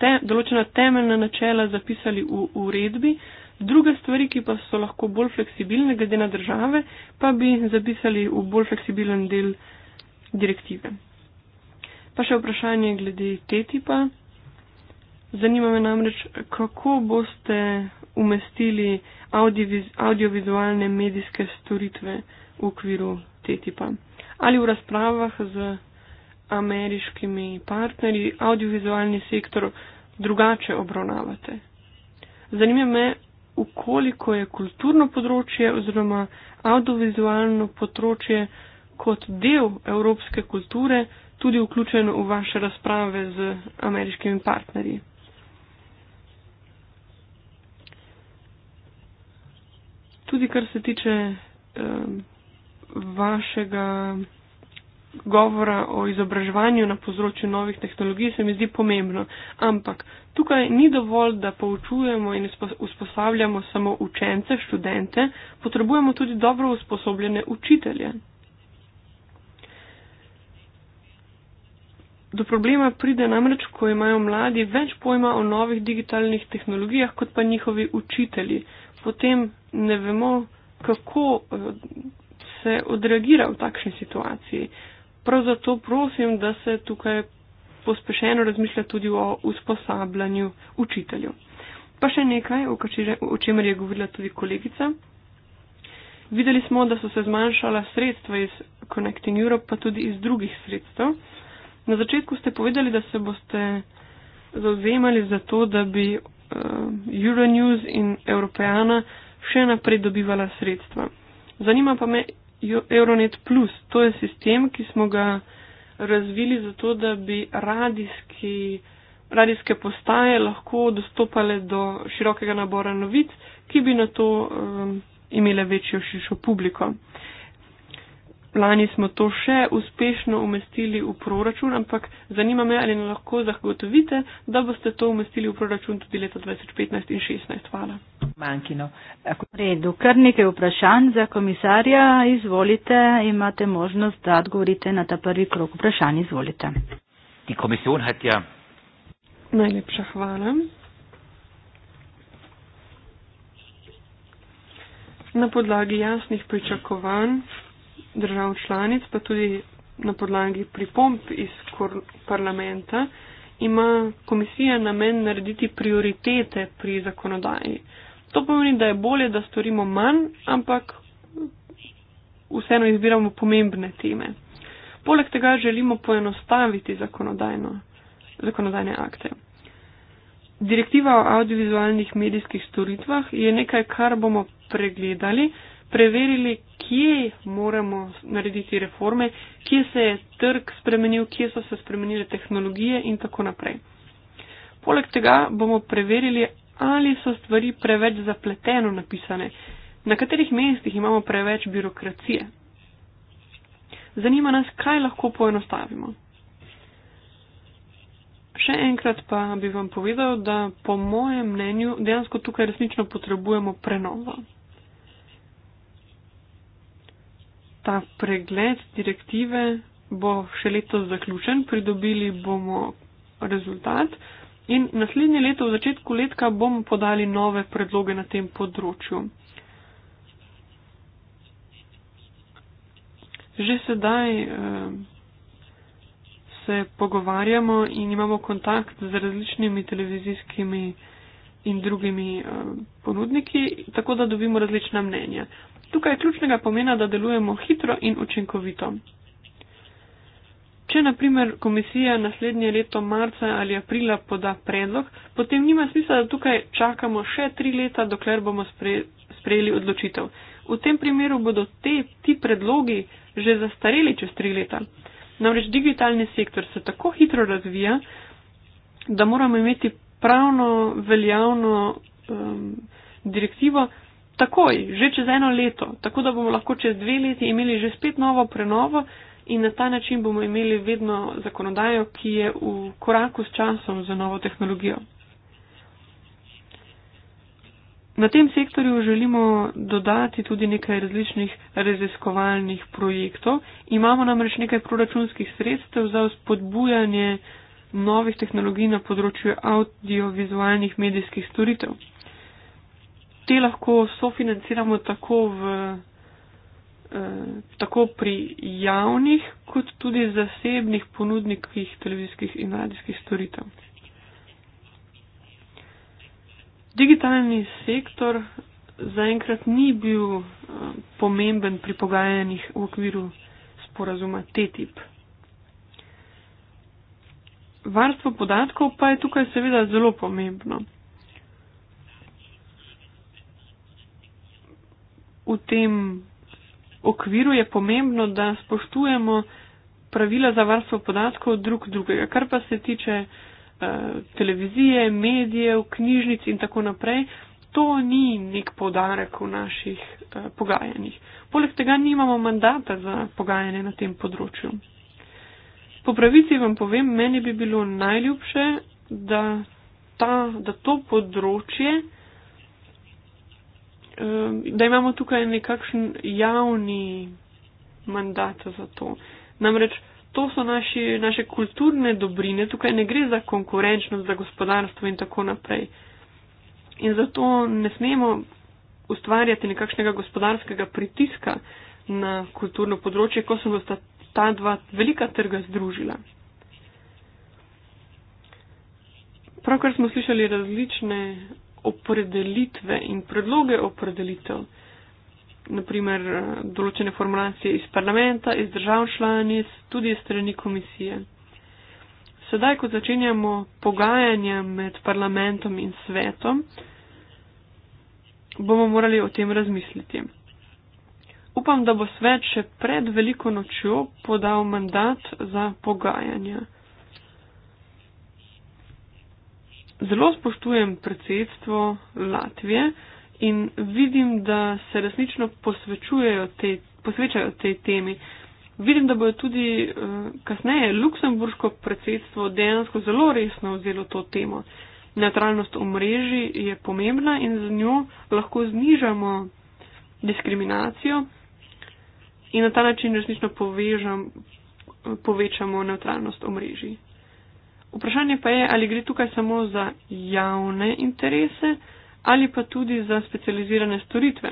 te, določena temeljna načela zapisali v uredbi, druge stvari, ki pa so lahko bolj fleksibilne glede na države, pa bi zapisali v bolj fleksibilen del direktive. Pa še vprašanje glede TTIP-a. Zanima me namreč, kako boste umestili audioviz audiovizualne medijske storitve v okviru TTIP-a ali v razpravah z ameriškimi partnerji audiovizualni sektor drugače obravnavate. Zanima me, ukoliko je kulturno področje oziroma audiovizualno področje kot del evropske kulture tudi vključeno v vaše razprave z ameriškimi partnerji. tudi kar se tiče eh, vašega govora o izobraževanju na področju novih tehnologij, se mi zdi pomembno. Ampak tukaj ni dovolj, da poučujemo in usposabljamo samo učence, študente, potrebujemo tudi dobro usposobljene učitelje. Do problema pride namreč, ko imajo mladi več pojma o novih digitalnih tehnologijah kot pa njihovi učitelji. Uh, potem ne vemo, kako eh, se odreagira v takšni situaciji. Prav zato prosim, da se tukaj pospešeno razmišlja tudi o usposabljanju učitelju. Pa še nekaj, o čemer je govorila tudi kolegica. Videli smo, da so se zmanjšala sredstva iz Connecting Europe, pa tudi iz drugih sredstev. Na začetku ste povedali, da se boste zauzemali za to, da bi uh, Euronews in Europeana še naprej dobivala sredstva. Zanima pa me Euronet Plus. To je sistem, ki smo ga razvili zato, da bi radijski, radijske postaje lahko dostopale do širokega nabora novic, ki bi na to um, imele večjo širšo publiko. Uh, Lani smo to še uspešno umestili v proračun, ampak zanima me, ali lahko zagotovite, da boste to umestili v proračun tudi leta 2015 in 2016. Hvala. Mankino. Tako. V redu, kar nekaj vprašanj za komisarja. Izvolite, imate možnost, da odgovorite na ta prvi krok vprašanj. Izvolite. Ja- Najlepša hvala. Na podlagi jasnih pričakovanj držav članic, pa tudi na podlagi pripomp iz parlamenta, ima komisija namen narediti prioritete pri zakonodaji. To pomeni, da je bolje, da storimo manj, ampak vseeno izbiramo pomembne teme. Poleg tega želimo poenostaviti zakonodajne akte. Direktiva o audiovizualnih medijskih storitvah je nekaj, kar bomo pregledali preverili, kje moramo narediti reforme, kje se je trg spremenil, kje so se spremenile tehnologije in tako naprej. Poleg tega bomo preverili, ali so stvari preveč zapleteno napisane, na katerih mestih imamo preveč birokracije. Zanima nas, kaj lahko poenostavimo. Še enkrat pa bi vam povedal, da po mojem mnenju dejansko tukaj resnično potrebujemo prenovo. ta pregled direktive bo še letos zaključen, pridobili bomo rezultat in naslednje leto v začetku letka bomo podali nove predloge na tem področju. Že sedaj eh, se pogovarjamo in imamo kontakt z različnimi televizijskimi in drugimi eh, ponudniki, tako da dobimo različna mnenja. Tukaj je ključnega pomena, da delujemo hitro in učinkovito. Če naprimer komisija naslednje leto marca ali aprila poda predlog, potem nima smisla, da tukaj čakamo še tri leta, dokler bomo sprejeli odločitev. V tem primeru bodo te, ti predlogi že zastareli čez tri leta. Namreč digitalni sektor se tako hitro razvija, da moramo imeti pravno veljavno um, direktivo, takoj, že čez eno leto, tako da bomo lahko čez dve leti imeli že spet novo prenovo in na ta način bomo imeli vedno zakonodajo, ki je v koraku s časom za novo tehnologijo. Na tem sektorju želimo dodati tudi nekaj različnih raziskovalnih projektov. Imamo namreč nekaj proračunskih sredstev za spodbujanje novih tehnologij na področju audiovizualnih medijskih storitev te lahko sofinanciramo tako, v, eh, tako pri javnih, kot tudi zasebnih ponudnikih televizijskih in radijskih storitev. Digitalni sektor zaenkrat ni bil eh, pomemben pri pogajanjih v okviru sporazuma TTIP. Varstvo podatkov pa je tukaj seveda zelo pomembno. v tem okviru je pomembno, da spoštujemo pravila za varstvo podatkov drug drugega. Kar pa se tiče uh, televizije, medijev, knjižnic in tako naprej, to ni nek podarek v naših uh, pogajanjih. Poleg tega nimamo mandata za pogajanje na tem področju. Po pravici vam povem, meni bi bilo najljubše, da, ta, da to področje Ehm, da imamo tukaj nekakšen javni mandat za to. Namreč to so naši, naše kulturne dobrine, tukaj ne gre za konkurenčnost, za gospodarstvo in tako naprej. In zato ne smemo ustvarjati nekakšnega gospodarskega pritiska na kulturno področje, ko se bosta ta dva velika trga združila. Pravkar smo slišali različne opredelitve in predloge opredelitev. Naprimer, določene formulacije iz parlamenta, iz držav članic, tudi strani komisije. Sedaj, ko začenjamo pogajanja med parlamentom in svetom, bomo morali o tem razmisliti. Upam, da bo svet še pred veliko nočjo podal mandat za pogajanja. zelo spoštujem predsedstvo Latvije in vidim, da se resnično posvečujejo te, posvečajo tej temi. Vidim, da bo tudi eh, kasneje luksemburško predsedstvo dejansko zelo resno vzelo to temo. Neutralnost v mreži je pomembna in z njo lahko znižamo diskriminacijo in na ta način resnično povežam, eh, povečamo neutralnost v mreži. Vprašanje pa je, ali gre tukaj samo za javne interese ali pa tudi za specializirane storitve.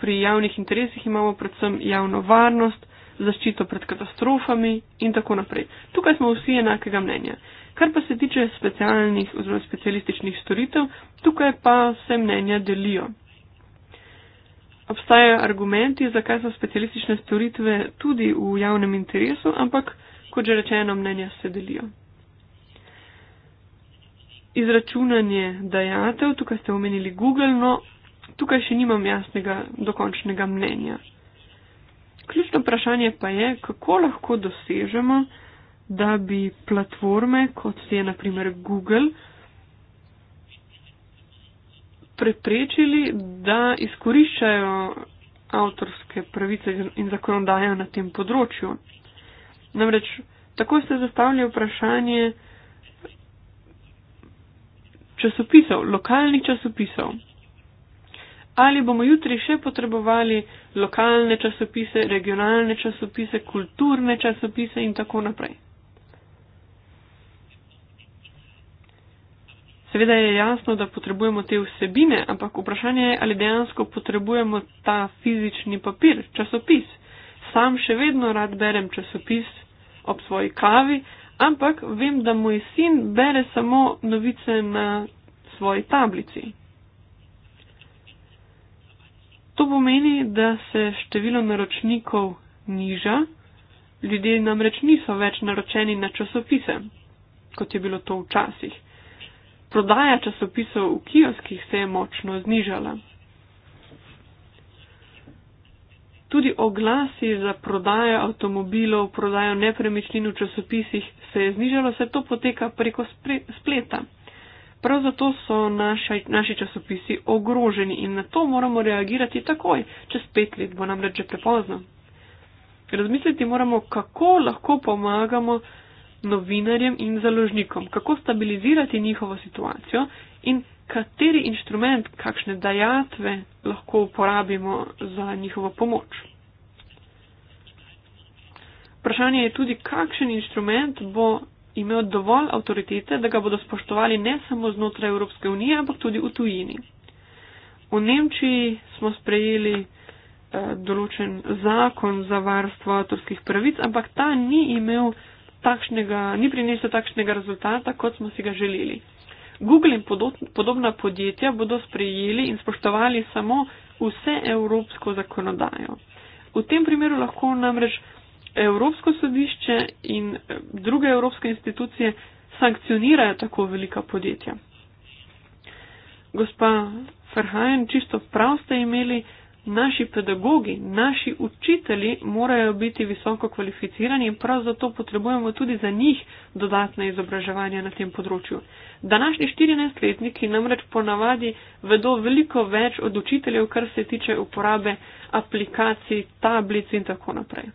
Pri javnih interesih imamo predvsem javno varnost, zaščito pred katastrofami in tako naprej. Tukaj smo vsi enakega mnenja. Kar pa se tiče specialnih oziroma specialističnih storitev, tukaj pa se mnenja delijo. Obstajajo argumenti, zakaj so specialistične storitve tudi v javnem interesu, ampak kot že rečeno, mnenja se delijo. Izračunanje dajatev, tukaj ste omenili Google, no tukaj še nimam jasnega dokončnega mnenja. Ključno vprašanje pa je, kako lahko dosežemo, da bi platforme, kot je naprimer Google, preprečili, da izkoriščajo avtorske pravice in zakonodajo na tem področju. Namreč tako se zastavlja vprašanje časopisov, lokalnih časopisov. Ali bomo jutri še potrebovali lokalne časopise, regionalne časopise, kulturne časopise in tako naprej. Seveda je jasno, da potrebujemo te vsebine, ampak vprašanje je, ali dejansko potrebujemo ta fizični papir, časopis sam še vedno rad berem časopis ob svoji kavi, ampak vem, da moj sin bere samo novice na svoji tablici. To pomeni, da se število naročnikov niža, ljudje namreč niso več naročeni na časopise, kot je bilo to včasih. Prodaja časopisov v kioskih se je močno znižala. Tudi oglasi za prodajo avtomobilov, prodajo nepremičnin v časopisih se je znižalo, vse to poteka preko spleta. Prav zato so naši, naši časopisi ogroženi in na to moramo reagirati takoj, čez pet let bo nam reče prepozno. Razmisliti moramo, kako lahko pomagamo novinarjem in založnikom, kako stabilizirati njihovo situacijo in kateri instrument, kakšne dajatve lahko uporabimo za njihovo pomoč. Vprašanje je tudi, kakšen instrument bo imel dovolj avtoritete, da ga bodo spoštovali ne samo znotraj Evropske unije, ampak tudi v tujini. V Nemčiji smo sprejeli eh, določen zakon za varstvo avtorskih pravic, ampak ta ni imel takšnega, ni prinesel takšnega rezultata, kot smo si ga želeli. Google in podobna podjetja bodo sprejeli in spoštovali samo vse evropsko zakonodajo. V tem primeru lahko namreč Evropsko sodišče in eh, druge evropske institucije sankcionirajo tako velika podjetja. Gospa Ferhajen, čisto prav ste imeli, naši pedagogi, naši učitelji morajo biti visoko kvalificirani in prav zato potrebujemo tudi za njih dodatne izobraževanje na tem področju. Današnji 14-letniki namreč ponavadi vedo veliko več od učiteljev, kar se tiče uporabe aplikacij, tablic in tako naprej.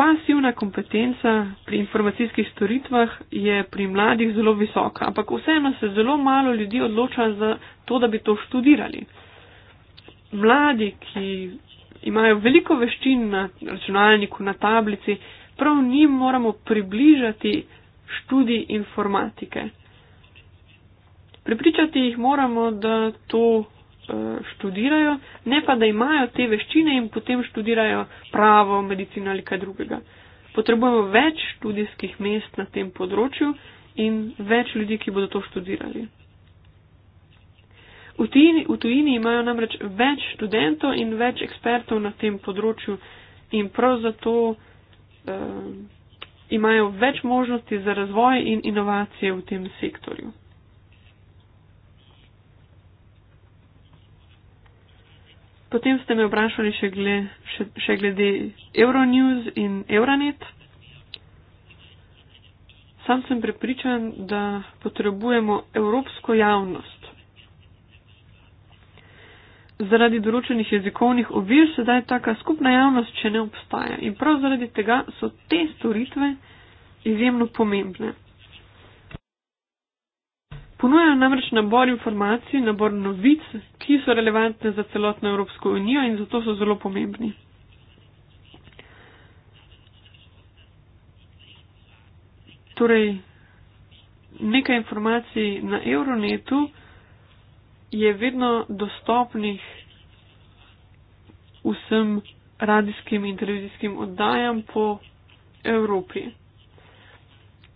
Pasivna kompetenca pri informacijskih storitvah je pri mladih zelo visoka, ampak vseeno se zelo malo ljudi odloča za to, da bi to študirali. Mladi, ki imajo veliko veščin na računalniku, na tablici, prav njim moramo približati študij informatike. Pripričati jih moramo, da to Eh, študirajo, ne pa da imajo te veščine in potem študirajo pravo, medicino ali kaj drugega. Potrebujemo več študijskih mest na tem področju in več ljudi, ki bodo to študirali. V tujini, v tujini imajo namreč več študentov in več ekspertov na tem področju in prav zato eh, imajo več možnosti za razvoj in inovacije v tem sektorju. Potem ste me vprašali še, gle, še, še glede Euronews in Euronet. Sam sem prepričan, da potrebujemo evropsko javnost. Zaradi določenih jezikovnih ovir sedaj taka skupna javnost še ne obstaja in prav zaradi tega so te storitve izjemno pomembne. Ponujajo namreč nabor informacij, nabor novic, ki so relevantne za celotno Evropsko unijo in zato so zelo pomembni. Torej, nekaj informacij na Euronetu je vedno dostopnih vsem radijskim in televizijskim oddajam po Evropi.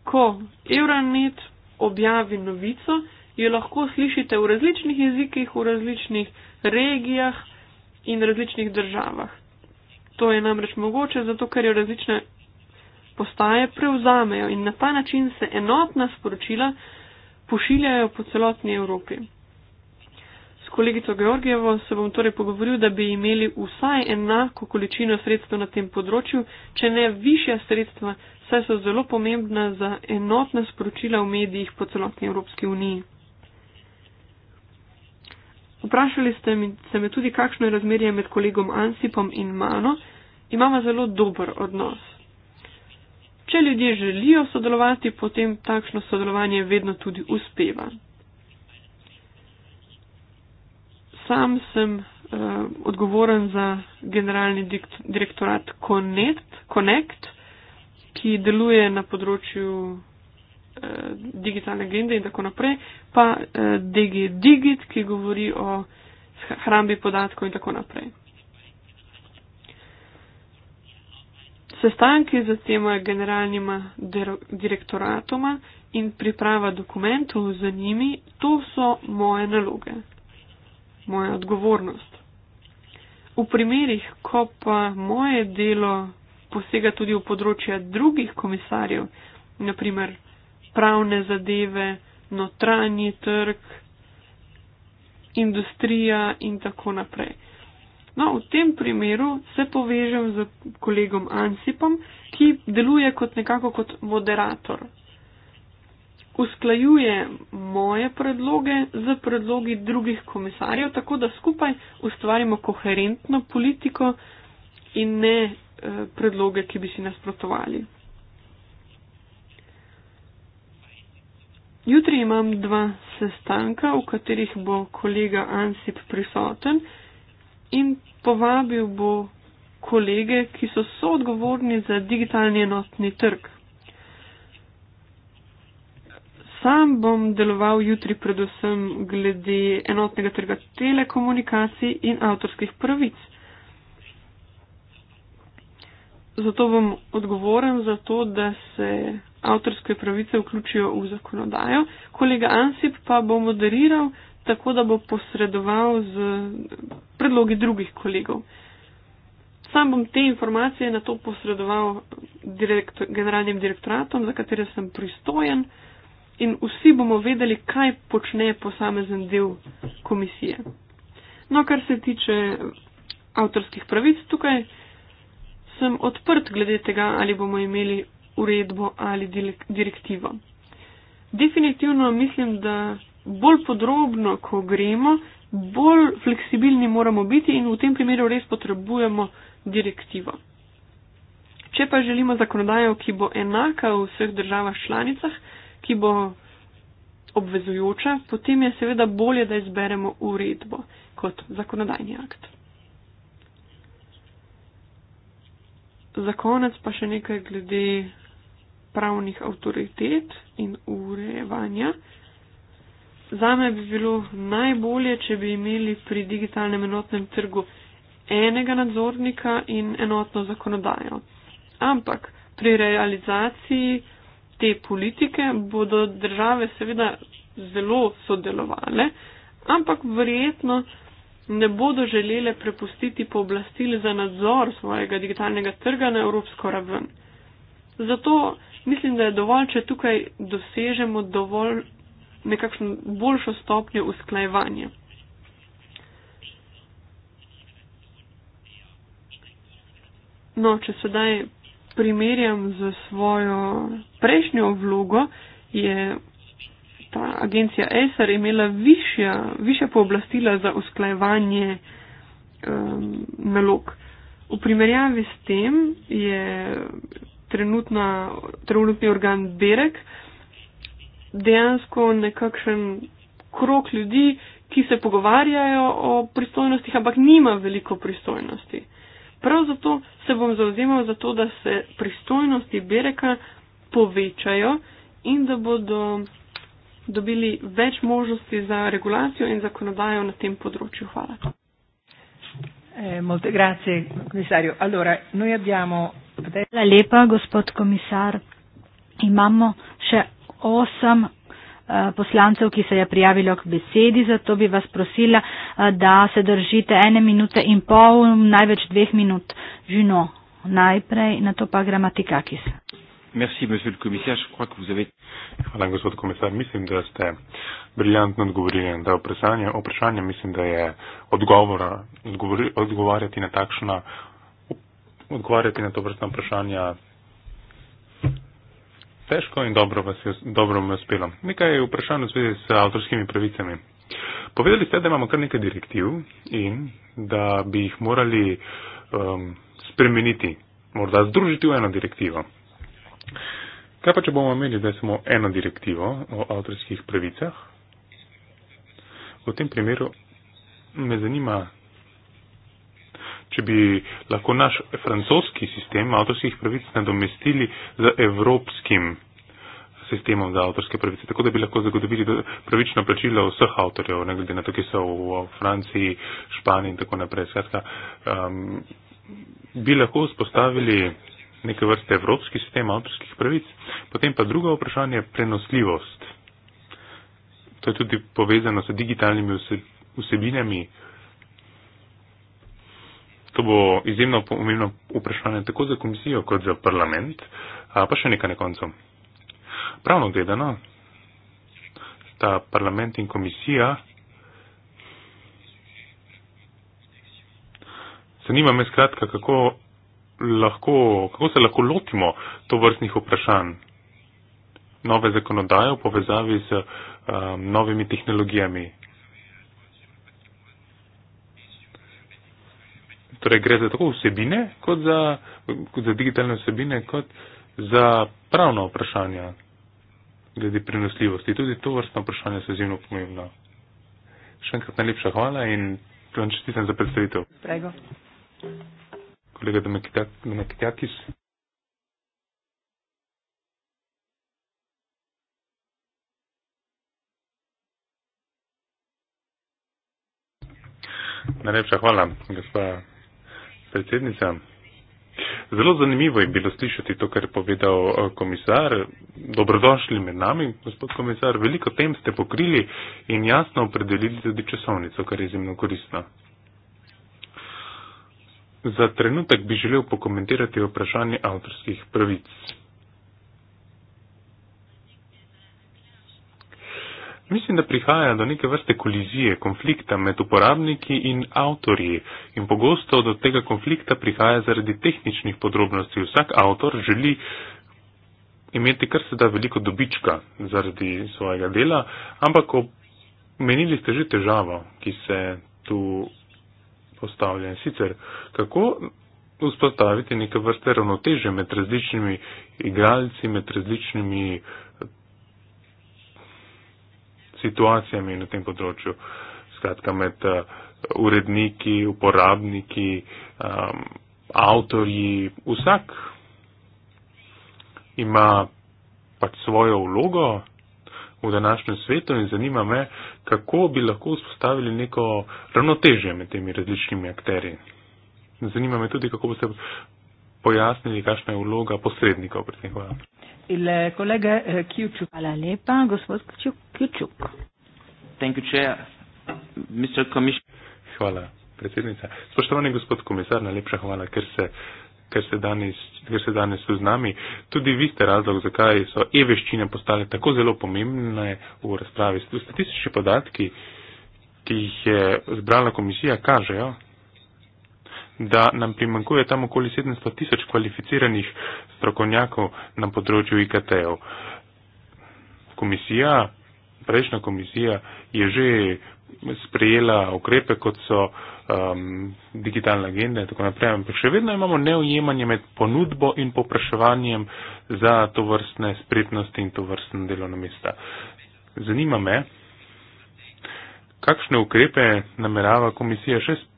Ko Euronet objavi novico, jo lahko slišite v različnih jezikih, v različnih regijah in različnih državah. To je namreč mogoče zato, ker jo različne postaje prevzamejo in na ta način se enotna sporočila pošiljajo po celotni Evropi kolegico Georgijevo se bom torej pogovoril, da bi imeli vsaj enako količino sredstev na tem področju, če ne višja sredstva, saj so zelo pomembna za enotna sporočila v medijih po celotni Evropski uniji. Vprašali ste mi, se me tudi, kakšno je razmerje med kolegom Ansipom in mano. Imamo zelo dober odnos. Če ljudje želijo sodelovati, potem takšno sodelovanje vedno tudi uspeva. sam sem uh, odgovoren za generalni direktorat Connect, Connect ki deluje na področju eh, digitalne agende in tako naprej, pa eh, DG Digit, ki govori o hrambi podatkov in tako naprej. Sestanki za tema generalnima direktoratoma in priprava dokumentov za njimi, to so moje naloge moja odgovornost. V primerih, ko pa moje delo posega tudi v področja drugih komisarjev, naprimer pravne zadeve, notranji trg, industrija in tako naprej. No, v tem primeru se povežem z kolegom Ansipom, ki deluje kot nekako kot moderator usklajuje moje predloge z predlogi drugih komisarjev, tako da skupaj ustvarimo koherentno politiko in ne eh, predloge, ki bi si nasprotovali. Jutri imam dva sestanka, v katerih bo kolega Ansip prisoten in povabil bo kolege, ki so soodgovorni za digitalni enotni trg sam bom deloval jutri predvsem glede enotnega trga telekomunikacij in avtorskih pravic. Zato bom odgovoren za to, da se avtorske pravice vključijo v zakonodajo. Kolega Ansip pa bo moderiral tako, da bo posredoval z predlogi drugih kolegov. Sam bom te informacije na to posredoval direktor, generalnim direktoratom, za katere sem pristojen in vsi bomo vedeli, kaj počne posamezen del komisije. No, kar se tiče avtorskih pravic, tukaj sem odprt glede tega, ali bomo imeli uredbo ali direktivo. Definitivno mislim, da bolj podrobno, ko gremo, bolj fleksibilni moramo biti in v tem primeru res potrebujemo direktivo. Če pa želimo zakonodajo, ki bo enaka v vseh državah članicah, ki bo obvezujoča, potem je seveda bolje, da izberemo uredbo kot zakonodajni akt. Za konec pa še nekaj glede pravnih avtoritet in urejevanja. Zame bi bilo najbolje, če bi imeli pri digitalnem enotnem trgu enega nadzornika in enotno zakonodajo. Ampak pri realizaciji te politike, bodo države seveda zelo sodelovale, ampak verjetno ne bodo želele prepustiti pooblastil za nadzor svojega digitalnega trga na evropsko raven. Zato mislim, da je dovolj, če tukaj dosežemo dovolj nekakšno boljšo stopnjo usklajevanja. No, če sedaj primerjam z svojo prejšnjo vlogo, je ta agencija ESR imela višja, višja pooblastila za usklajevanje um, nalog. V primerjavi s tem je trenutna, trenutni organ Derek dejansko nekakšen krok ljudi, ki se pogovarjajo o pristojnostih, ampak nima veliko pristojnosti. Prav zato se bom zauzemal za to, da se pristojnosti Bereka povečajo in da bodo dobili več možnosti za regulacijo in zakonodajo na tem področju. Hvala. Eh, Hvala lepa, gospod komisar. Imamo še osem Eh, poslancev, ki se je prijavilo k besedi, zato bi vas prosila, eh, da se držite ene minute in pol, največ dveh minut. Žino najprej, na to pa gramatikakis. Merci, monsieur le commissaire. Je crois que vous avez... Hvala, gospod komisar. Mislim, da ste briljantno odgovorili na to vprašanje. O vprašanje mislim, da je odgovora, odgovori, odgovarjati na takšna, odgovarjati na to vrstno vprašanje težko in dobro, vas je, dobro mi je uspelo. Nekaj je vprašanj v zvezi s avtorskimi pravicami. Povedali ste, da imamo kar nekaj direktiv in da bi jih morali um, spremeniti, morda združiti v eno direktivo. Kaj pa, če bomo imeli zdaj samo eno direktivo o avtorskih pravicah? V tem primeru me zanima, če bi lahko naš francoski sistem avtorskih pravic nadomestili z evropskim sistemom za avtorske pravice, tako da bi lahko zagotovili pravično plačilo vseh avtorjev, ne glede na to, ki so v Franciji, Španiji in tako naprej. Skratka, um, bi lahko vzpostavili neke vrste evropski sistem avtorskih pravic, potem pa drugo vprašanje je prenosljivost. To je tudi povezano s digitalnimi vsebinami, uh, To bo izjemno pomembno vprašanje tako za komisijo kot za parlament, pa še nekaj na koncu. Pravno gledano, sta parlament in komisija. Zanima me skratka, kako, lahko, kako se lahko lotimo to vrstnih vprašanj nove zakonodaje v povezavi z um, novimi tehnologijami. torej gre za tako vsebine, kot za, kot za digitalne vsebine, kot za pravna vprašanja glede prenosljivosti. Tudi to vrstno vprašanje so izjemno pomembno. Še enkrat najlepša hvala in vam čestitam za predstavitev. Prego. Kolega Demekitakis. Najlepša hvala, gospod predsednica. Zelo zanimivo je bilo slišati to, kar je povedal eh, komisar. Dobrodošli med nami, gospod komisar. Veliko tem ste pokrili in jasno opredelili tudi časovnico, kar je izjemno koristno. Za trenutek bi želel pokomentirati vprašanje avtorskih pravic. Mislim, da prihaja do neke vrste kolizije, konflikta med uporabniki in avtorji in pogosto do tega konflikta prihaja zaradi tehničnih podrobnosti. Vsak avtor želi imeti kar se da veliko dobička zaradi svojega dela, ampak omenili ste že težavo, ki se tu postavlja. Sicer, kako vzpostaviti neke vrste ravnoteže med različnimi igralci, med različnimi uh, situacijami na tem področju. Skratka, med uh, uredniki, uporabniki, um, avtorji, vsak ima pač svojo vlogo v današnjem svetu in zanima me, kako bi lahko vzpostavili neko ravnotežje med temi različnimi akteri. Zanima me tudi, kako boste pojasnili, kakšna je vloga posrednikov pri tem. Hvala. Il collègue euh, Kiuchuk. Voilà, les pains, gospod Kiuchuk. Thank you, Chair. Mr. Commissioner. Hvala, predsednica. Spoštovani gospod komisar, najlepša hvala, ker se, ker se danes, ker se danes tu z nami. Tudi vi ste razlog, zakaj so e-veščine postale tako zelo pomembne v razpravi. Statistični podatki, ki jih je zbrala komisija, kažejo, da nam primankuje tam okoli 700 tisoč kvalificiranih strokovnjakov na področju IKT-ov. Komisija, prejšnja komisija je že sprejela ukrepe, kot so um, digitalna agenda in tako naprej, ampak še vedno imamo neujemanje med ponudbo in popraševanjem za to vrstne spretnosti in to vrstne delovna mesta. Zanima me, kakšne ukrepe namerava komisija še sprejeti?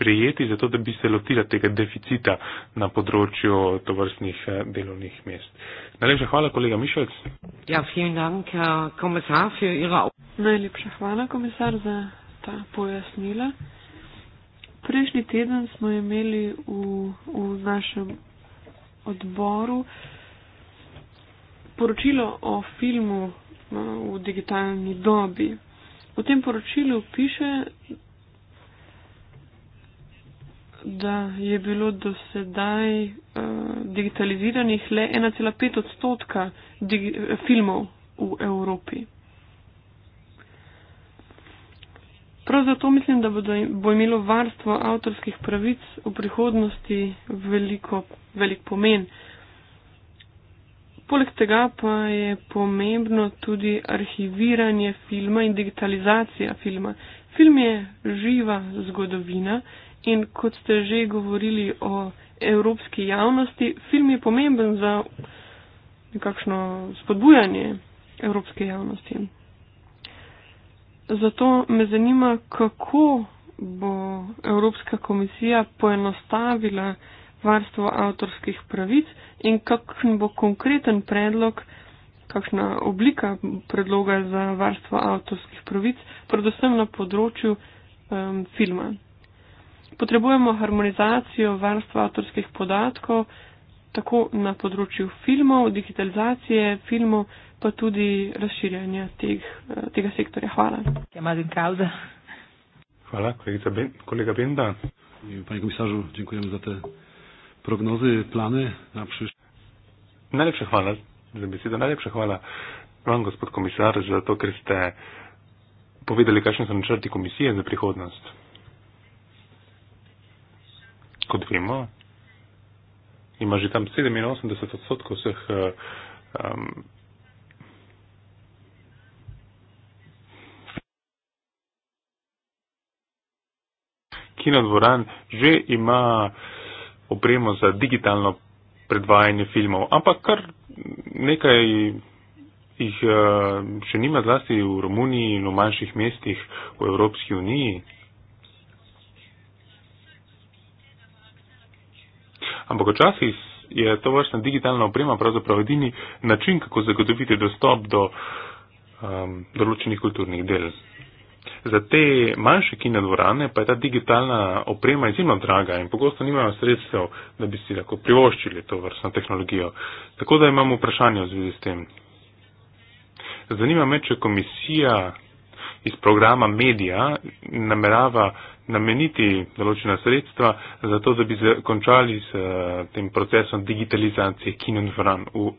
sprijeti, zato da bi se lotila tega deficita na področju tovrstnih eh, delovnih mest. Najlepša hvala, kolega Mišelc. Ja, eh, Najlepša hvala, komisar, za ta pojasnila. Prejšnji teden smo imeli v, v našem odboru poročilo o filmu eh, v digitalni dobi. V tem poročilu piše, da je bilo do sedaj uh, digitaliziranih le 1,5 odstotka eh, filmov v Evropi. Prav zato mislim, da bodo, bo imelo varstvo avtorskih pravic v prihodnosti veliko, velik pomen. Poleg tega pa je pomembno tudi arhiviranje filma in digitalizacija filma. Film je živa zgodovina In kot ste že govorili o evropski javnosti, film je pomemben za nekakšno spodbujanje evropske javnosti. Zato me zanima, kako bo Evropska komisija poenostavila varstvo avtorskih pravic in kakšen bo konkreten predlog, kakšna oblika predloga za varstvo avtorskih pravic, predvsem na področju um, filma. Potrebujemo harmonizacijo varstva avtorskih podatkov, tako na področju filmov, digitalizacije filmov, pa tudi razširjanja teg, tega sektorja. Hvala. Hvala, kolega Benda. Panje komisažu, dziękujemy za te prognozy, plany na przyszłość. Najlepsza chwala, za besedę, najlepsza chwala Wam, gospod komisarz, za to, że ste powiedzieli, jakie są czerty komisji za przyszłość kot vemo, ima že tam 87 odstotkov vseh um, kinodvoran, že ima opremo za digitalno predvajanje filmov, ampak kar nekaj jih uh, še nima zlasti v Romuniji in v manjših mestih v Evropski uniji. ampak včasih je to vrstna digitalna oprema pravzaprav edini način, kako zagotoviti dostop do um, določenih kulturnih del. Za te manjše kinodvorane pa je ta digitalna oprema izjemno draga in pogosto nimajo sredstev, da bi si lahko privoščili to vrstno tehnologijo. Tako da imamo vprašanje v zvezi s tem. Zanima me, če komisija iz programa Media namerava nameniti določena sredstva za to, da bi končali s eh, tem procesom digitalizacije kin in vran v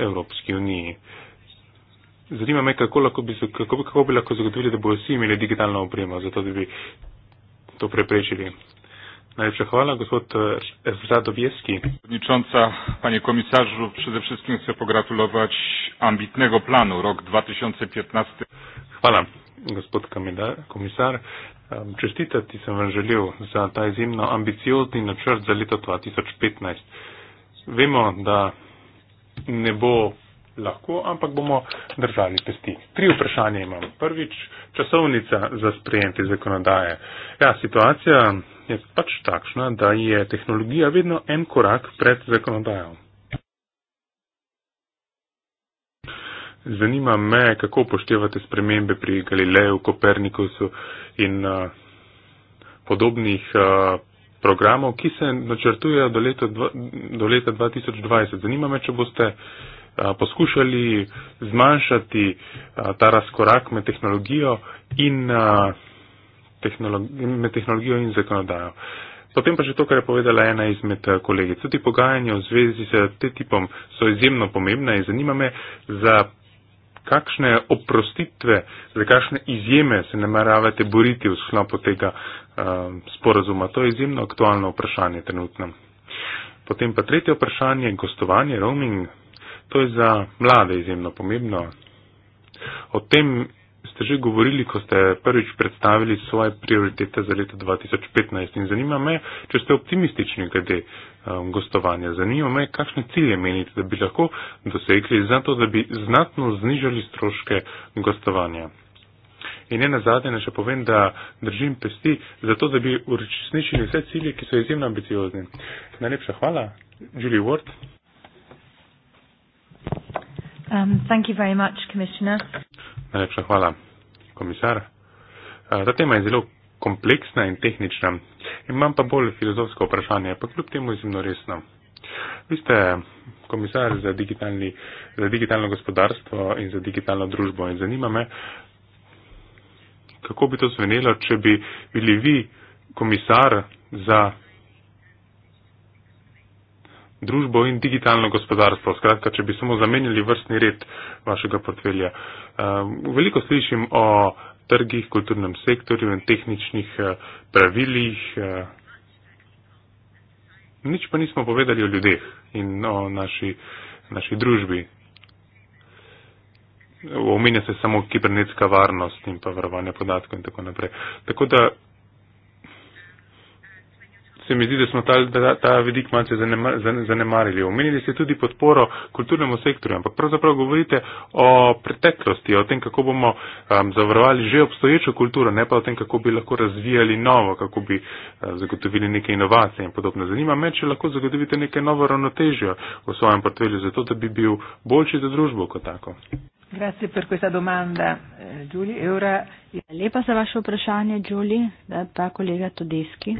Evropski uniji. Zanima me, kako, bi, kako, kako bi lahko zagotovili, da bodo vsi imeli digitalno opremo, zato da bi to preprečili. Najlepša hvala, gospod eh, Zadovjeski. Predsednica, panie komisarzu, przede wszystkim chcę pogratulować ambitnego planu rok 2015. Hvala, gospod komisar. Čestitati sem vam želel za ta izjemno ambiciozni načrt za leto 2015. Vemo, da ne bo lahko, ampak bomo držali pesti. Tri vprašanja imam. Prvič, časovnica za sprejemte zakonodaje. Ja, situacija je pač takšna, da je tehnologija vedno en korak pred zakonodajo. Zanima me, kako upoštevate spremembe pri Galileju, Kopernikusu in podobnih programov, ki se načrtujejo do, do leta 2020. Zanima me, če boste poskušali zmanjšati ta razkorak med tehnologijo in, tehnologi med tehnologijo in zakonodajo. Potem pa še to, kar je povedala ena izmed kolegic. Tudi pogajanja v zvezi s te tipom so izjemno pomembna in zanima me za kakšne oprostitve, za torej kakšne izjeme se nameravate boriti v sklopu tega uh, sporazuma. To je izjemno aktualno vprašanje trenutno. Potem pa tretje vprašanje, gostovanje, roaming. To je za mlade izjemno pomembno. O tem ste že govorili, ko ste prvič predstavili svoje prioritete za leto 2015 in zanima me, če ste optimistični glede uh, um, gostovanja. Zanima me, kakšne cilje menite, da bi lahko dosegli za to, da bi znatno znižali stroške gostovanja. In ena zadnja, še povem, da držim pesti za to, da bi uresničili vse cilje, ki so izjemno ambiciozni. Najlepša hvala. Julie Ward. Um, thank you very much, Commissioner. Najlepša hvala, komisar. Uh, ta tema je zelo kompleksna in tehnična. Imam pa bolj filozofsko vprašanje, pa kljub temu izjemno resno. Vi ste komisar za, digitalni, za digitalno gospodarstvo in za digitalno družbo in zanima me, kako bi to zvenelo, če bi bili vi komisar za družbo in digitalno gospodarstvo. Skratka, če bi samo zamenjali vrstni red vašega portfelja. Ehm, veliko slišim o trgih, kulturnem sektorju in tehničnih eh, pravilih. Eh. Nič pa nismo povedali o ljudeh in o naši, naši družbi. Omenja se samo kibernetska varnost in pa varovanje podatkov in tako naprej. Tako da se mi zdi, da smo ta, ta, ta vidik malce zanemarili. Omenili ste tudi podporo kulturnemu sektorju, ampak pravzaprav govorite o preteklosti, o tem, kako bomo um, zavarovali že obstoječo kulturo, ne pa o tem, kako bi lahko razvijali novo, kako bi uh, zagotovili neke inovacije in podobno. Zanima me, če lahko zagotovite neke novo ravnotežje v svojem portfelju, zato da bi bil boljši za družbo kot tako. Grazie per questa domanda, eh, Giulia. E ora... Lepa za vaše vprašanje, Giulia, ta kolega Todeski.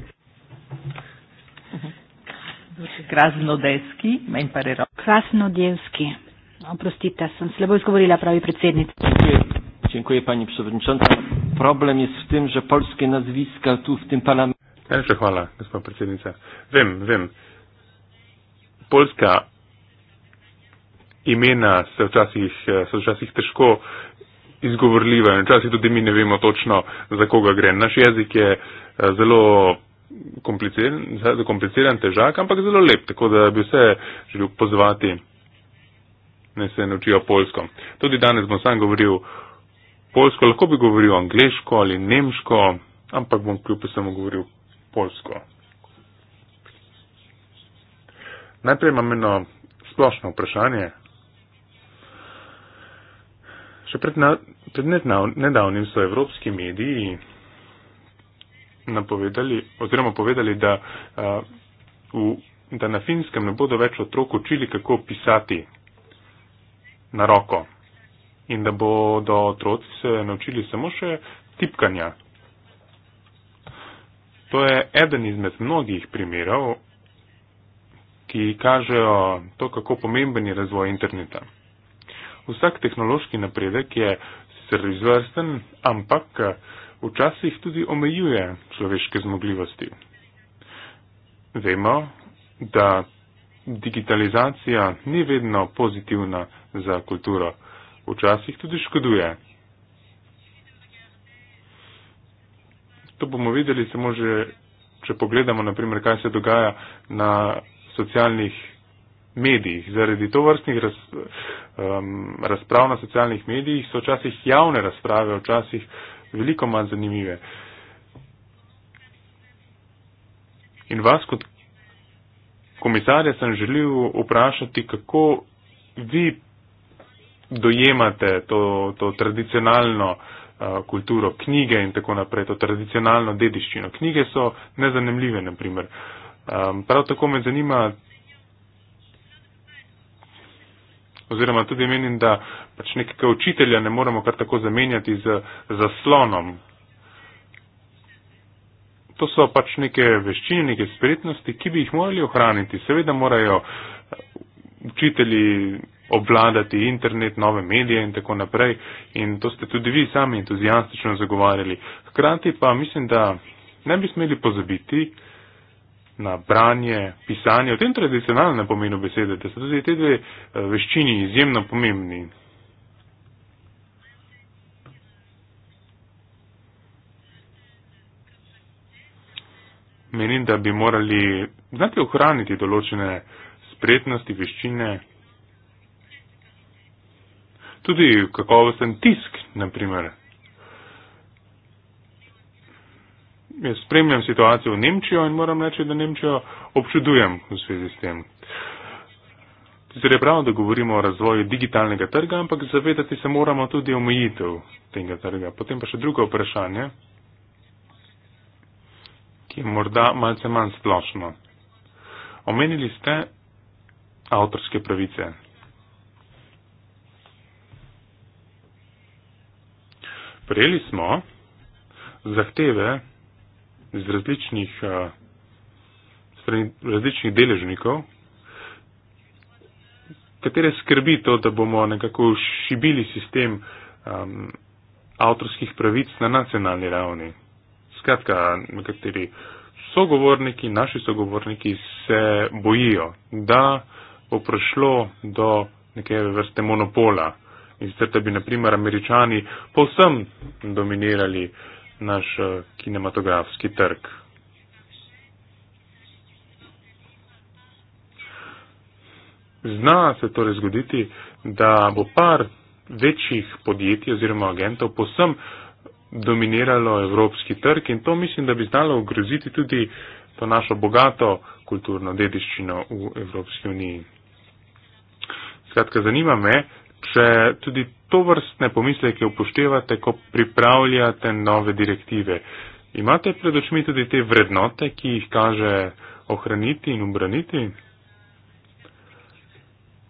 Krasnodevski, menj pa je rok. Krasnodevski, oprostite, sem slabo izgovorila pravi predsednik. Dziękuję. Dziękuję, pani przewodnicząca. Problem jest w tym, że polskie nazwiska tu w tym parlamencie... Ja przechwala, gospodin predsednica. Wiem, wiem. Polska imena so včasih, so včasih težko izgovorljiva in včasih tudi mi ne vemo točno, za koga gre. Naš jezik je e, zelo kompliciran, kompliciran težak, ampak zelo lep, tako da bi vse želel pozvati, ne se naučijo polsko. Tudi danes bom sam govoril polsko, lahko bi govoril angliško ali nemško, ampak bom kljub samo govoril polsko. Najprej imam eno splošno vprašanje. Še pred, na, pred nedavnim so evropski mediji napovedali, oziroma povedali, da, uh, v, da na finskem ne bodo več otrok učili, kako pisati na roko in da bodo otroci se naučili samo še tipkanja. To je eden izmed mnogih primerov, ki kažejo to, kako pomemben je razvoj interneta. Vsak tehnološki napredek je sicer izvrsten, ampak uh, včasih tudi omejuje človeške zmogljivosti. Vemo, da digitalizacija ni vedno pozitivna za kulturo, včasih tudi škoduje. To bomo videli samo že, če pogledamo, naprimer, kaj se dogaja na socialnih medijih. Zaradi to vrstnih raz, um, razprav na socialnih medijih so včasih javne razprave, včasih uh, veliko manj zanimive. In vas kot komisarja sem želel vprašati, kako vi dojemate to, to tradicionalno eh, kulturo knjige in tako naprej, to tradicionalno dediščino. Knjige so nezanemljive, naprimer. Ehm, prav tako me zanima oziroma tudi menim, da pač nekega učitelja ne moremo kar tako zamenjati z zaslonom. To so pač neke veščine, neke spretnosti, ki bi jih morali ohraniti. Seveda morajo eh, učitelji obvladati internet, nove medije in tako naprej. In to ste tudi vi sami entuzijastično zagovarjali. Hkrati pa mislim, da ne bi smeli pozabiti, na branje, pisanje, v tem tradicionalnem pomenu besede, da so tudi te dve eh, veščini izjemno pomembni. Menim, da bi morali znati ohraniti določene spretnosti, veščine, tudi kakovosten tisk, naprimer. jaz spremljam situacijo v Nemčijo in moram reči, da Nemčijo občudujem v svezi s tem. Zdaj je prav, da govorimo o razvoju digitalnega trga, ampak zavedati se moramo tudi omejitev tega trga. Potem pa še drugo vprašanje, ki je morda malce manj splošno. Omenili ste avtorske pravice. Prejeli smo zahteve iz različnih, eh, strani, različnih deležnikov, katere skrbi to, da bomo nekako šibili sistem um, avtorskih pravic na nacionalni ravni. Skratka, nekateri sogovorniki, naši sogovorniki se bojijo, da bo prišlo do neke vrste monopola in sicer, da bi naprimer američani povsem dominirali uh, naš eh, kinematografski trg. Zna se torej zgoditi, da bo par večjih podjetij oziroma agentov posem dominiralo evropski trg in to mislim, da bi znalo ogroziti tudi to našo bogato kulturno dediščino v Evropski uniji. Skratka, zanima me, če tudi to vrstne pomisleke upoštevate, ko pripravljate nove direktive? Imate pred očmi tudi te vrednote, ki jih kaže ohraniti in obraniti?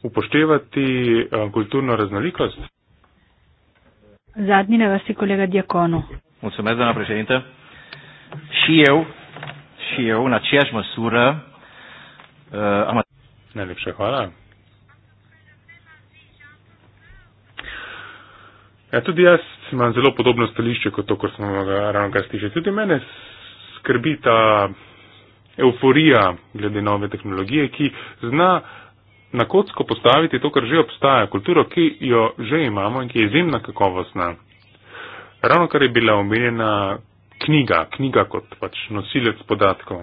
Upoštevati eh, kulturno raznolikost? Zadnji na vrsti kolega Diakonu. Usmedena predsednica. Šijev, šijev na Češmo sura. Uh, eh, ama... Najlepša hvala. Ja, tudi jaz imam zelo podobno stališče kot to, kar smo ravno kar slišali. Tudi mene skrbi ta euforija glede nove tehnologije, ki zna na kocko postaviti to, kar že obstaja, kulturo, ki jo že imamo in ki je izjemna kakovostna. Ravno kar je bila omenjena knjiga, knjiga kot pač nosilec podatkov.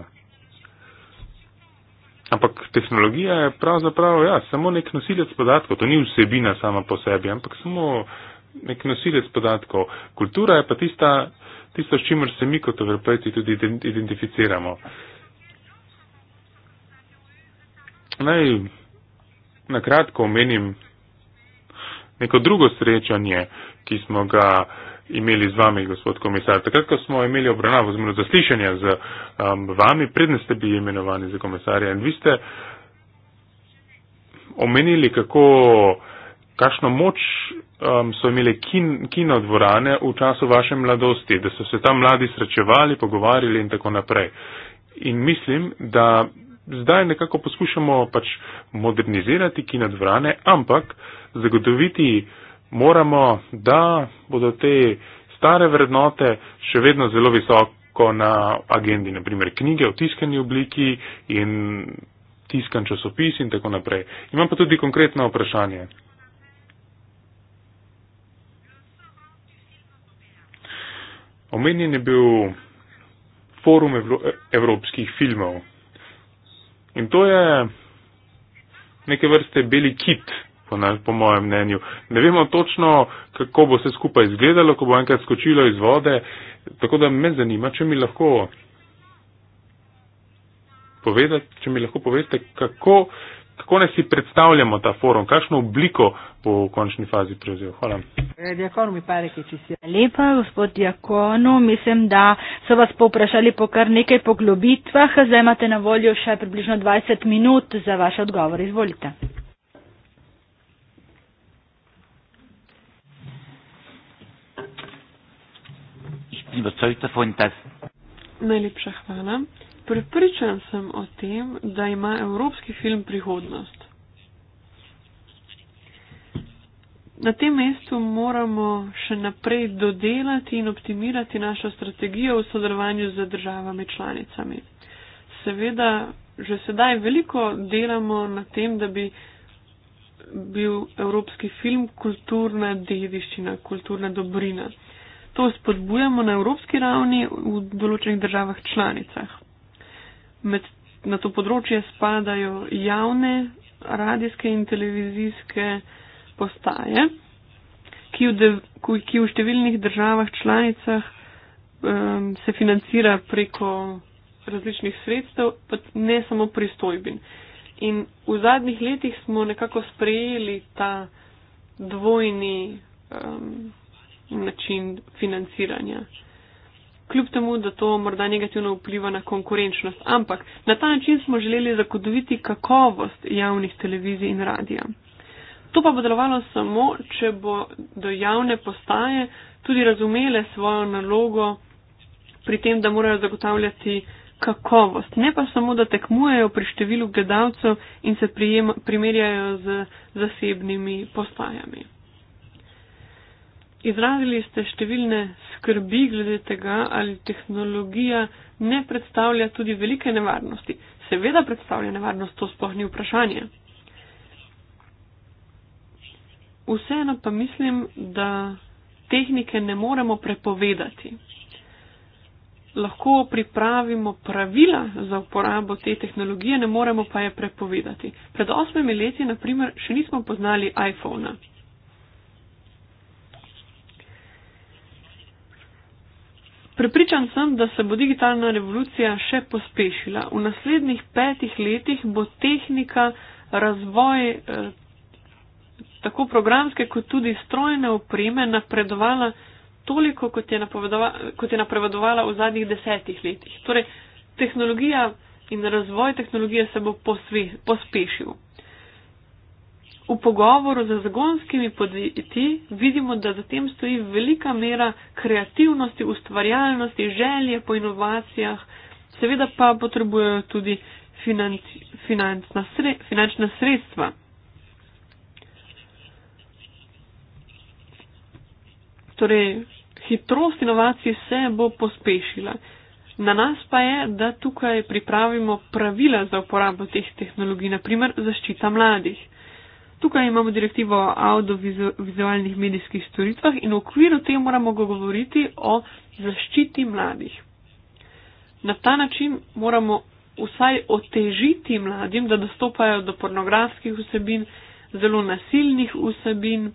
Ampak tehnologija je pravzaprav ja, samo nek nosilec podatkov, to ni vsebina sama po sebi, ampak samo uh, nek nosilec podatkov. Kultura je pa tista, tisto, s čimer se mi kot evropejci tudi identificiramo. Naj na kratko omenim neko drugo srečanje, ki smo ga imeli z vami, gospod komisar. Takrat, ko smo imeli obravnavo, oziroma zaslišanje z um, vami, predne ste bili imenovani za komisarja in vi ste omenili, kako uh, kakšno moč um, so imeli kin, kino dvorane v času vaše mladosti, da so se tam mladi srečevali, pogovarjali in tako naprej. In mislim, da zdaj nekako poskušamo pač modernizirati kino dvorane, ampak zagotoviti moramo, da bodo te stare vrednote še vedno zelo visoko na agendi, naprimer knjige v tiskani obliki in tiskan časopis in tako naprej. Imam pa tudi konkretno vprašanje. Omenjen je bil forum evropskih filmov. In to je neke vrste beli kit, po, na, po mojem mnenju. Ne vemo točno, kako bo se skupaj izgledalo, ko bo enkrat skočilo iz vode. Tako da me zanima, če mi lahko, povedat, če mi lahko poveste, kako Kako naj si predstavljamo ta forum, kakšno obliko bo v končni fazi prevzel? Hvala. Eh, Diakonu mi pare, ki si lepa, gospod Diakonu, mislim, da so vas povprašali po kar nekaj poglobitvah, zdaj imate na voljo še približno 20 minut za vaš odgovor. Izvolite. Najlepša hvala. Pripričan sem o tem, da ima evropski film prihodnost. Na tem mestu moramo še naprej dodelati in optimirati našo strategijo v sodelovanju z državami članicami. Seveda, že sedaj veliko delamo na tem, da bi bil evropski film kulturna dediščina, kulturna dobrina. To spodbujamo na evropski ravni v določenih državah članicah med, na to področje spadajo javne radijske in televizijske postaje, ki v, dev, ki v številnih državah članicah um, se financira preko različnih sredstev, pa ne samo pristojbin. In v zadnjih letih smo nekako sprejeli ta dvojni um, način financiranja kljub temu, da to morda negativno vpliva na konkurenčnost. Ampak na ta način smo želeli zakodoviti kakovost javnih televizij in radija. To pa bo delovalo samo, če bo do javne postaje tudi razumele svojo nalogo pri tem, da morajo zagotavljati kakovost. Ne pa samo, da tekmujejo pri številu gledalcev in se prijema, primerjajo z zasebnimi postajami. Izrazili ste številne skrbi glede tega, ali tehnologija ne predstavlja tudi velike nevarnosti. Seveda predstavlja nevarnost, to sploh ni vprašanje. Vseeno pa mislim, da tehnike ne moremo prepovedati. Lahko pripravimo pravila za uporabo te tehnologije, ne moremo pa je prepovedati. Pred osmimi leti, naprimer, še nismo poznali iPhona. Prepričan sem, da se bo digitalna revolucija še pospešila. V naslednjih petih letih bo tehnika, razvoj eh, tako programske kot tudi strojne opreme napredovala toliko, kot je, kot je napredovala v zadnjih desetih letih. Torej, tehnologija in razvoj tehnologije se bo pospešil. V pogovoru z zagonskimi podjetji vidimo, da za tem stoji velika mera kreativnosti, ustvarjalnosti, želje po inovacijah, seveda pa potrebujejo tudi financ, financna, sre, finančna sredstva. Torej, hitrost inovacije se bo pospešila. Na nas pa je, da tukaj pripravimo pravila za uporabo teh tehnologij, naprimer zaščita mladih. Tukaj imamo direktivo o audiovizualnih medijskih storitvah in v okviru te moramo govoriti o zaščiti mladih. Na ta način moramo vsaj otežiti mladim, da dostopajo do pornografskih vsebin, zelo nasilnih vsebin,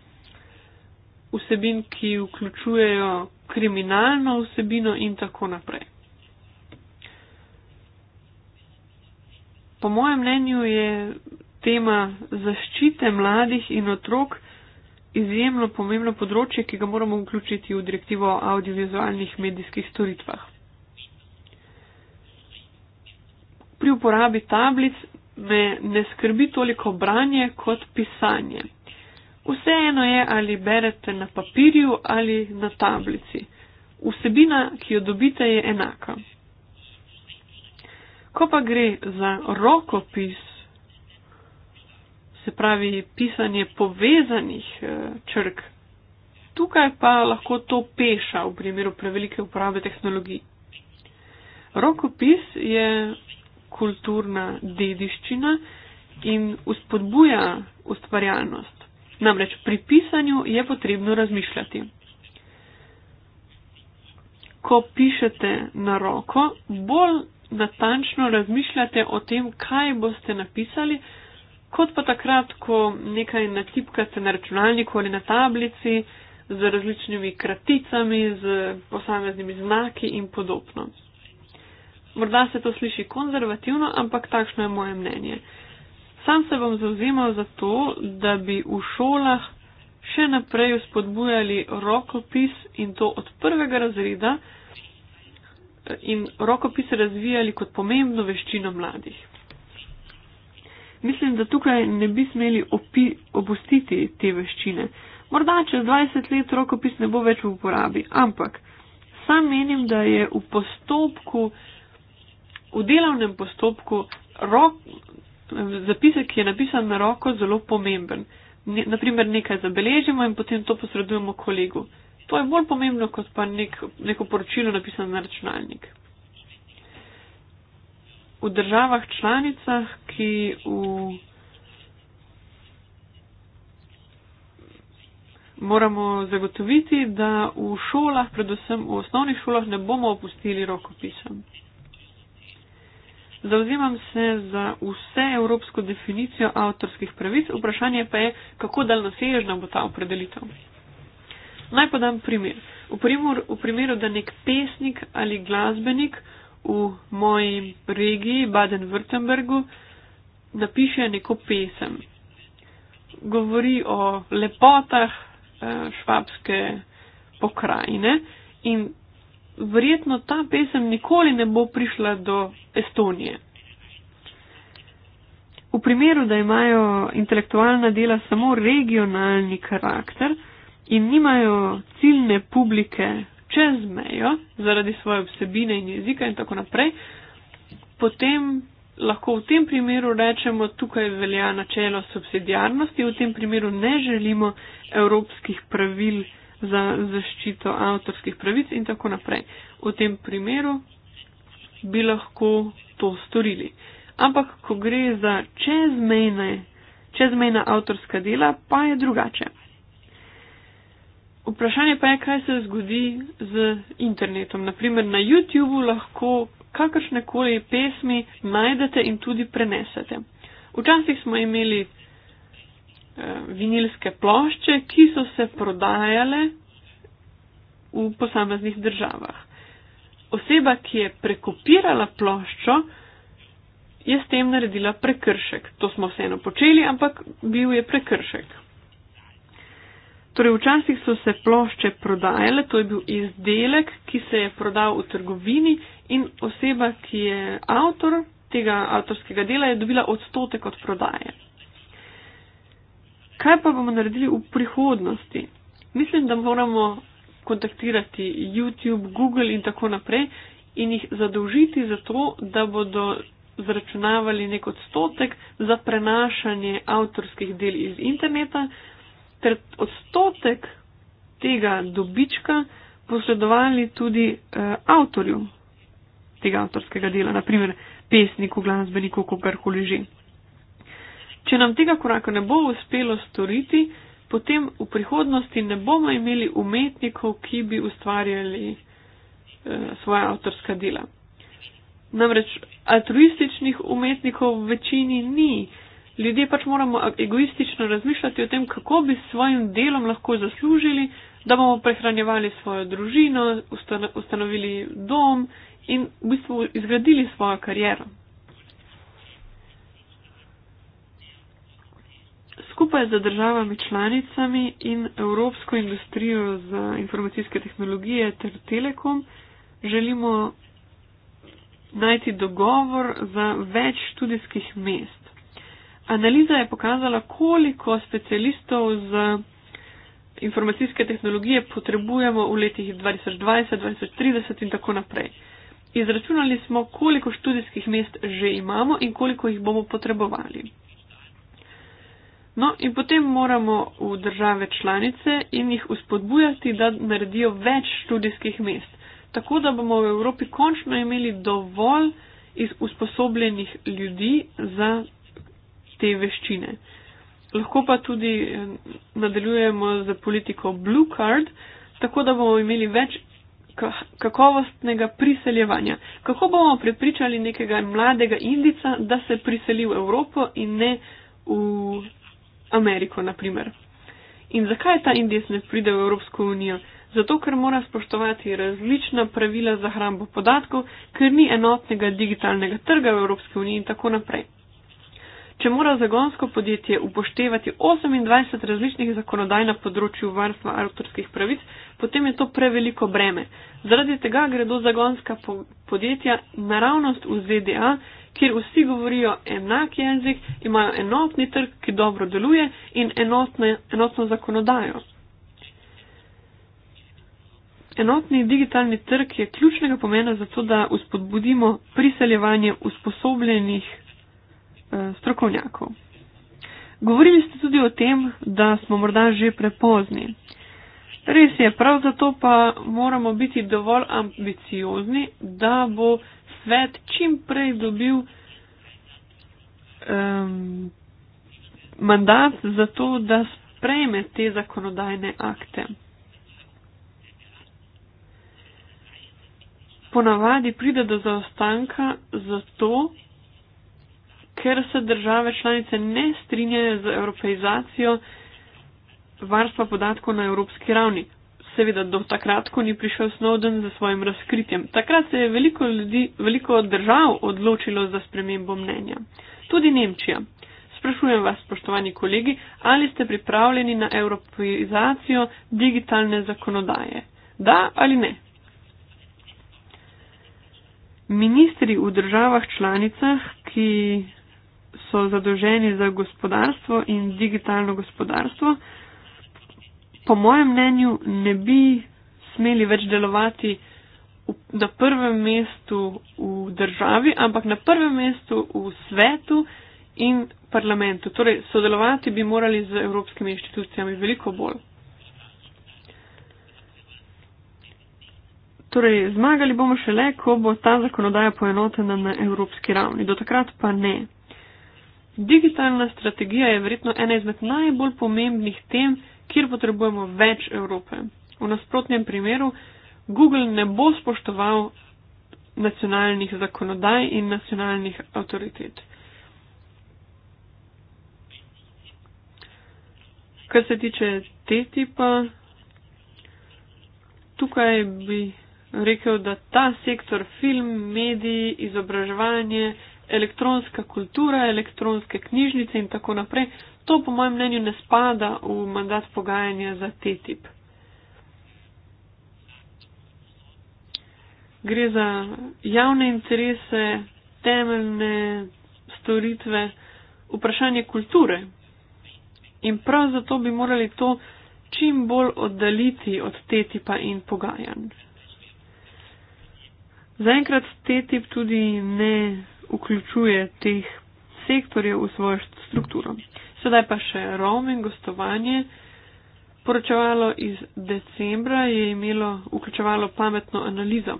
vsebin, ki vključujejo kriminalno vsebino in tako naprej. Po mojem mnenju je tema zaščite mladih in otrok izjemno pomembno področje, ki ga moramo vključiti v direktivo o audiovizualnih medijskih storitvah. Pri uporabi tablic me ne skrbi toliko branje kot pisanje. Vseeno je, ali berete na papirju ali na tablici. Vsebina, ki jo dobite, je enaka. Ko pa gre za rokopis, se pravi pisanje povezanih eh, črk. Tukaj pa lahko to peša v primeru prevelike uporabe tehnologij. Rokopis je kulturna dediščina in uspodbuja ustvarjalnost. Namreč pri pisanju je potrebno razmišljati. Ko pišete na roko, bolj natančno razmišljate o tem, kaj boste napisali, kot pa takrat, ko nekaj natipkate na računalniku ali na tablici z različnimi kraticami, z posameznimi znaki in podobno. Morda se to sliši konzervativno, ampak takšno je moje mnenje. Sam se bom zauzemal za to, da bi v šolah še naprej spodbujali rokopis in to od prvega razreda in rokopis razvijali kot pomembno veščino mladih mislim, da tukaj ne bi smeli opi, opustiti te veščine. Morda čez 20 let rokopis ne bo več v uporabi, ampak sam menim, da je v postopku, v delovnem postopku, rok, zapisek, ki je napisan na roko, zelo pomemben. Ne, naprimer, nekaj zabeležimo in potem to posredujemo kolegu. To je bolj pomembno kot pa nek, neko poročilo napisano na računalnik v državah članicah, ki v Moramo zagotoviti, da v šolah, predvsem v osnovnih šolah, ne bomo opustili rokopisa. Zauzemam se za vse evropsko definicijo avtorskih pravic, vprašanje pa je, kako daljnosežna bo ta opredelitev. Naj podam primer. V primeru, v primeru da nek pesnik ali glasbenik uh, v moji regiji, Baden-Württembergu, napiše neko pesem. Govori o lepotah eh, švabske pokrajine in verjetno ta pesem nikoli ne bo prišla do Estonije. V primeru, da imajo intelektualna dela samo regionalni karakter in nimajo ciljne publike čez mejo zaradi svoje vsebine in jezika in tako naprej, potem lahko v tem primeru rečemo, tukaj velja načelo subsidijarnosti, v tem primeru ne želimo evropskih pravil za zaščito avtorskih pravic in tako naprej. V tem primeru bi lahko to storili. Ampak, ko gre za čezmejne, čezmejna avtorska dela, pa je drugače. Vprašanje pa je, kaj se zgodi z internetom. Naprimer, na YouTubu lahko kakršne koli pesmi najdete in tudi prenesete. Včasih smo imeli eh, vinilske plošče, ki so se prodajale v posameznih državah. Oseba, ki je prekopirala ploščo, je s tem naredila prekršek. To smo vseeno počeli, ampak bil je prekršek. Torej, včasih so se plošče prodajale, to je bil izdelek, ki se je prodal v trgovini in oseba, ki je avtor tega avtorskega dela, je dobila odstotek od prodaje. Kaj pa bomo naredili v prihodnosti? Mislim, da moramo kontaktirati YouTube, Google in tako naprej in jih zadolžiti za to, da bodo zračunavali nek odstotek za prenašanje avtorskih del iz interneta, ter odstotek tega dobička posredovali tudi eh, avtorju tega avtorskega dela, naprimer pesniku, glasbeniku, kogarkoli že. Če nam tega koraka ne bo uspelo storiti, potem v prihodnosti ne bomo imeli umetnikov, ki bi ustvarjali eh, svoja avtorska dela. Namreč altruističnih umetnikov v večini ni ljudje pač moramo egoistično razmišljati o tem, kako bi s svojim delom lahko zaslužili, da bomo prehranjevali svojo družino, ustanovili dom in v bistvu izgradili svojo kariero. Skupaj z državami članicami in Evropsko industrijo za informacijske tehnologije ter Telekom želimo najti dogovor za več študijskih mest. Analiza je pokazala, koliko specialistov z informacijske tehnologije potrebujemo v letih 2020, 2030 in tako naprej. Izračunali smo, koliko študijskih mest že imamo in koliko jih bomo potrebovali. No in potem moramo v države članice in jih uspodbujati, da naredijo več študijskih mest, tako da bomo v Evropi končno imeli dovolj usposobljenih ljudi za te veščine. Lahko pa tudi eh, nadaljujemo z politiko Blue Card, tako da bomo imeli več kakovostnega priseljevanja. Kako bomo prepričali nekega mladega Indica, da se priseli v Evropo in ne v Ameriko, naprimer. In zakaj ta Indijec ne pride v Evropsko unijo? Zato, ker mora spoštovati različna pravila za hrambo podatkov, ker ni enotnega digitalnega trga v Evropski uniji in tako naprej če mora zagonsko podjetje upoštevati 28 različnih zakonodaj na področju varstva avtorskih pravic, potem je to preveliko breme. Zaradi tega gredo zagonska podjetja naravnost v ZDA, kjer vsi govorijo enak jezik, imajo enotni trg, ki dobro deluje in enotne, enotno zakonodajo. Enotni digitalni trg je ključnega pomena za to, da uspodbudimo priseljevanje usposobljenih Eh, strokovnjakov. Govorili ste tudi o tem, da smo morda že prepozni. Res je, prav zato pa moramo biti dovolj ambiciozni, da bo svet čim prej dobil um, mandat za to, da sprejme te zakonodajne akte. Ponavadi pride do zaostanka zato, ker se države članice ne strinjajo z evropeizacijo varstva podatkov na evropski ravni. Seveda, do takrat, ko ni prišel Snowden za svojim razkritjem. Takrat se je veliko, ljudi, veliko držav odločilo za spremembo mnenja. Tudi Nemčija. Sprašujem vas, spoštovani kolegi, ali ste pripravljeni na evropeizacijo digitalne zakonodaje? Da ali ne? Ministri v državah članicah, ki so zadolženi za gospodarstvo in digitalno gospodarstvo, po mojem mnenju ne bi smeli več delovati na prvem mestu v državi, ampak na prvem mestu v svetu in parlamentu. Torej, sodelovati bi morali z evropskimi inštitucijami veliko bolj. Torej, zmagali bomo šele, ko bo ta zakonodaja poenotena na evropski ravni. Do takrat pa ne. Digitalna strategija je verjetno ena izmed najbolj pomembnih tem, kjer potrebujemo več Evrope. V nasprotnem primeru Google ne bo spoštoval nacionalnih zakonodaj in nacionalnih avtoritet. Kar se tiče te tipa, tukaj bi rekel, da ta sektor film, mediji, izobraževanje, elektronska kultura, elektronske knjižnice in tako naprej, to po mojem mnenju ne spada v mandat pogajanja za TTIP. Gre za javne interese, temeljne storitve, vprašanje kulture. In prav zato bi morali to čim bolj oddaliti od TTIP-a in pogajanj. Zaenkrat TTIP tudi ne vključuje teh sektorjev v svojo strukturo. Sedaj pa še roaming gostovanje. Poročevalo iz decembra je imelo, vključevalo pametno analizo.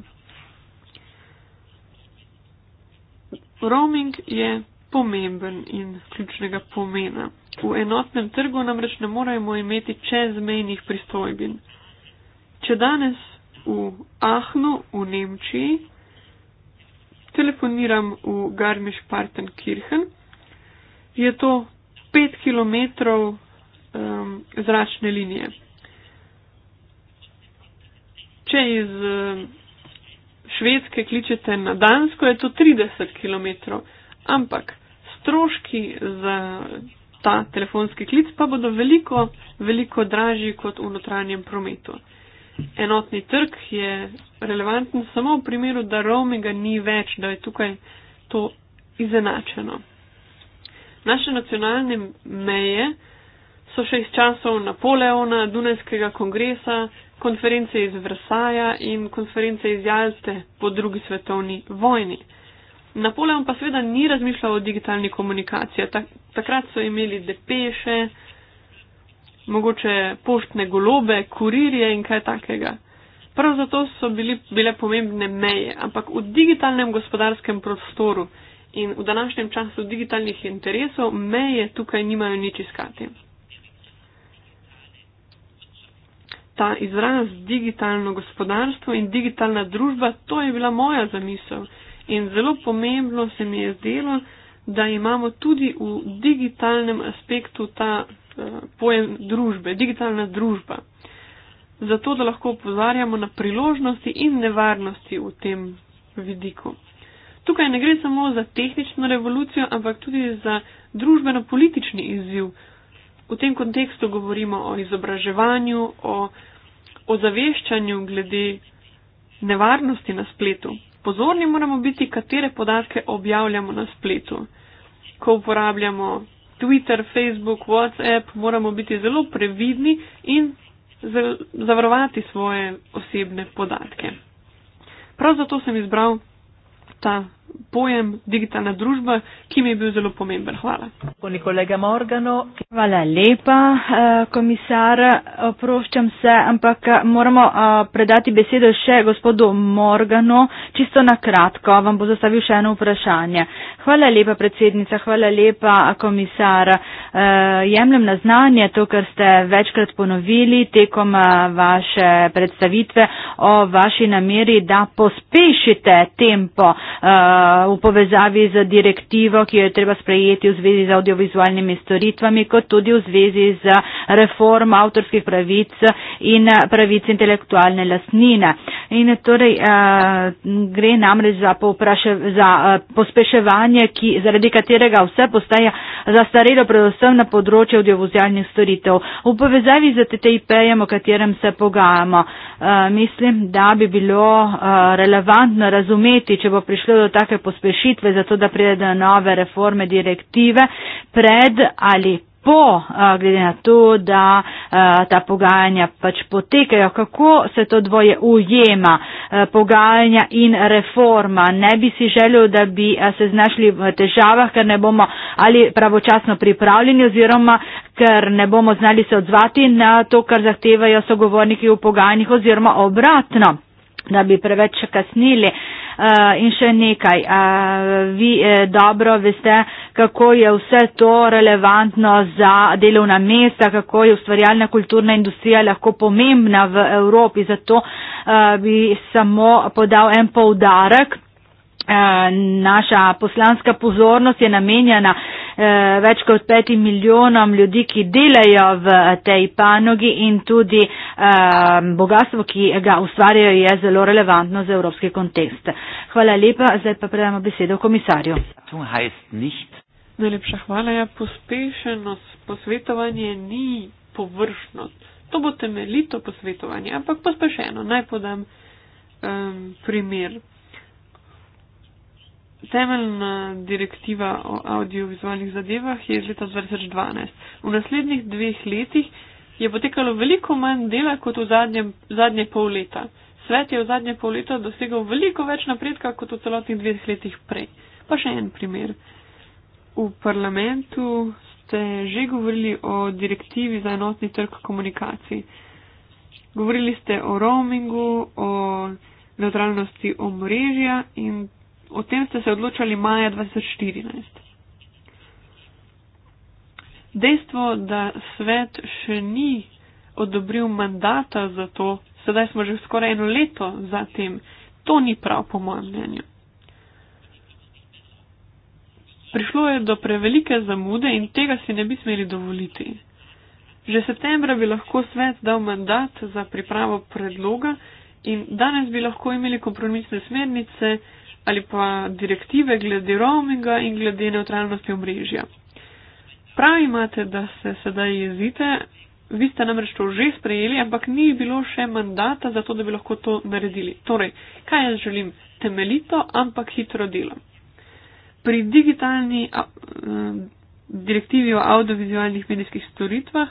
Roaming je pomemben in ključnega pomena. V enotnem trgu namreč ne moremo imeti čezmejnih pristojbin. Če danes v Ahnu v Nemčiji telefoniram v Garmisch-Partenkirchen. Je to 5 km um, zračne linije. Če iz um, Švedske kličete na Dansko, je to 30 km, ampak stroški za ta telefonski klic pa bodo veliko, veliko dražji kot v notranjem prometu enotni trg je relevanten samo v primeru, da roaminga ni več, da je tukaj to izenačeno. Naše nacionalne meje so še iz časov Napoleona, Dunajskega kongresa, konference iz Vrsaja in konference iz Jalste po drugi svetovni vojni. Napoleon pa seveda ni razmišljal o digitalni komunikaciji. Takrat so imeli depeše, mogoče poštne golobe, kurirje in kaj takega. Prav zato so bili, bile pomembne meje, ampak v digitalnem gospodarskem prostoru in v današnjem času digitalnih interesov meje tukaj nimajo nič iskati. Ta izraz digitalno gospodarstvo in digitalna družba, to je bila moja zamisel in zelo pomembno se mi je zdelo, da imamo tudi v digitalnem aspektu ta pojem družbe, digitalna družba. Zato, da lahko upozarjamo na priložnosti in nevarnosti v tem vidiku. Tukaj ne gre samo za tehnično revolucijo, ampak tudi za družbeno-politični izziv. V tem kontekstu govorimo o izobraževanju, o ozaveščanju glede nevarnosti na spletu. Pozorni moramo biti, katere podatke objavljamo na spletu. Ko uporabljamo Twitter, Facebook, WhatsApp, moramo biti zelo previdni in zavarovati svoje osebne podatke. Prav zato sem izbral ta pojem digitalna družba, ki mi je bil zelo pomemben. Hvala. Hvala lepa, eh, komisar. Oproščam se, ampak eh, moramo eh, predati besedo še gospodu Morganu. Čisto na kratko vam bo zastavil še eno vprašanje. Hvala lepa, predsednica, hvala lepa, komisar. Jemljem na znanje to, kar ste večkrat ponovili tekom vaše predstavitve o vaši nameri, da pospešite tempo v povezavi z direktivo, ki jo je treba sprejeti v zvezi z audiovizualnimi storitvami, kot tudi v zvezi z reform avtorskih pravic in pravic intelektualne lasnine. In torej eh, gre namreč za, za eh, pospeševanje, ki, zaradi katerega vse postaja zastarelo predvsem na področju audiovizualnih storitev. V povezavi z TTIP-jem, o katerem se pogajamo, eh, mislim, da bi bilo relevantno razumeti, če bo prišlo do ta take pospešitve, zato da pride do nove reforme direktive pred ali po, eh, glede na to, da eh, ta pogajanja pač potekajo. Kako se to dvoje ujema, eh, pogajanja in reforma? Ne bi si želel, da bi se znašli v težavah, ker ne bomo ali pravočasno pripravljeni oziroma ker ne bomo znali se odzvati na to, kar zahtevajo sogovorniki v pogajanjih oziroma obratno da bi preveč kasnili. Eh, in še nekaj, eh, vi eh, dobro veste, kako je vse to relevantno za delovna mesta, kako je ustvarjalna kulturna industrija lahko pomembna v Evropi. Zato bi samo podal en poudarek. Po Eh, naša poslanska pozornost je namenjena eh, več kot petim milijonom ljudi, ki delajo v eh, tej panogi in tudi bogatstvo, ki ga ustvarjajo, je zelo relevantno za evropski kontekst. Hvala lepa, zdaj pa predamo besedo komisarju. Najlepša hvala. Ja, pospešenost posvetovanje ni površnost. To bo temeljito posvetovanje, ampak pospešeno. Naj podam um, primer. Temeljna direktiva o audiovizualnih zadevah je iz leta 2012. V naslednjih dveh letih je potekalo veliko manj dela kot v zadnjem, zadnje pol leta. Svet je v zadnje pol leta dosegal veliko več napredka kot v celotnih dveh letih prej. Pa še en primer. V parlamentu ste že govorili o direktivi za enotni trg komunikacij. Govorili ste o roamingu, o neutralnosti omrežja in o tem ste se odločali maja 2014. Dejstvo, da svet še ni odobril mandata za to, sedaj smo že skoraj eno leto za tem, to ni prav po mojem mnenju. Prišlo je do prevelike zamude in tega si ne bi smeli dovoliti. Že septembra bi lahko svet dal mandat za pripravo predloga in danes bi lahko imeli kompromisne smernice, ali pa direktive glede roaminga in glede neutralnosti omrežja. Prav imate, da se sedaj jezite, vi ste namreč to že sprejeli, ampak ni bilo še mandata za to, da bi lahko to naredili. Torej, kaj jaz želim? Temeljito, ampak hitro delo. Pri digitalni a, a, eh, direktivi o audiovizualnih medijskih storitvah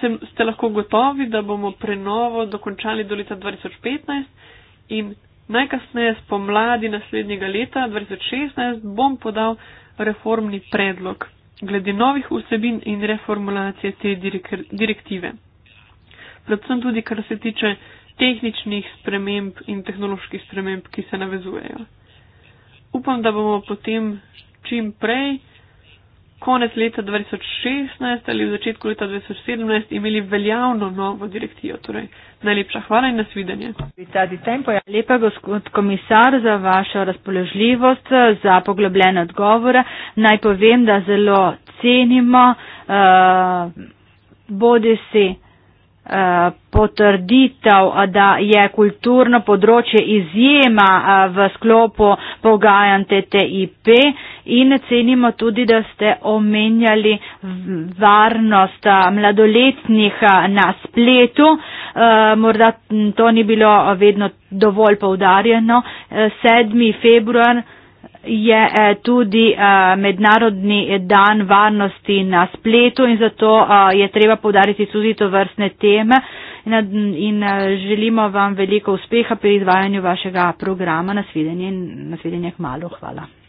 sem, ste lahko gotovi, da bomo prenovo dokončali do leta 2015 in Najkasneje spomladi naslednjega leta 2016 bom podal reformni predlog glede novih vsebin in reformulacije te direktive. Predvsem tudi, kar se tiče tehničnih sprememb in tehnoloških sprememb, ki se navezujejo. Upam, da bomo potem čim prej konec leta 2016 ali v začetku leta 2017 imeli veljavno novo direktivo. Torej, najlepša hvala in nasvidenje. Lepa gospod komisar za vašo razpoložljivost, za poglobljene odgovore. Naj povem, da zelo cenimo uh, eh, bodi si eh, potrditev, da je kulturno področje izjema eh, v sklopu pogajanj TTIP in cenimo tudi, da ste omenjali varnost mladoletnih na spletu. E, morda to ni bilo vedno dovolj poudarjeno. 7. E, februar je e, tudi mednarodni dan varnosti na spletu in zato je treba podariti tudi to vrstne teme in želimo vam veliko uspeha pri izvajanju vašega programa. Nasvidenje, nasvidenje k malu. Hvala.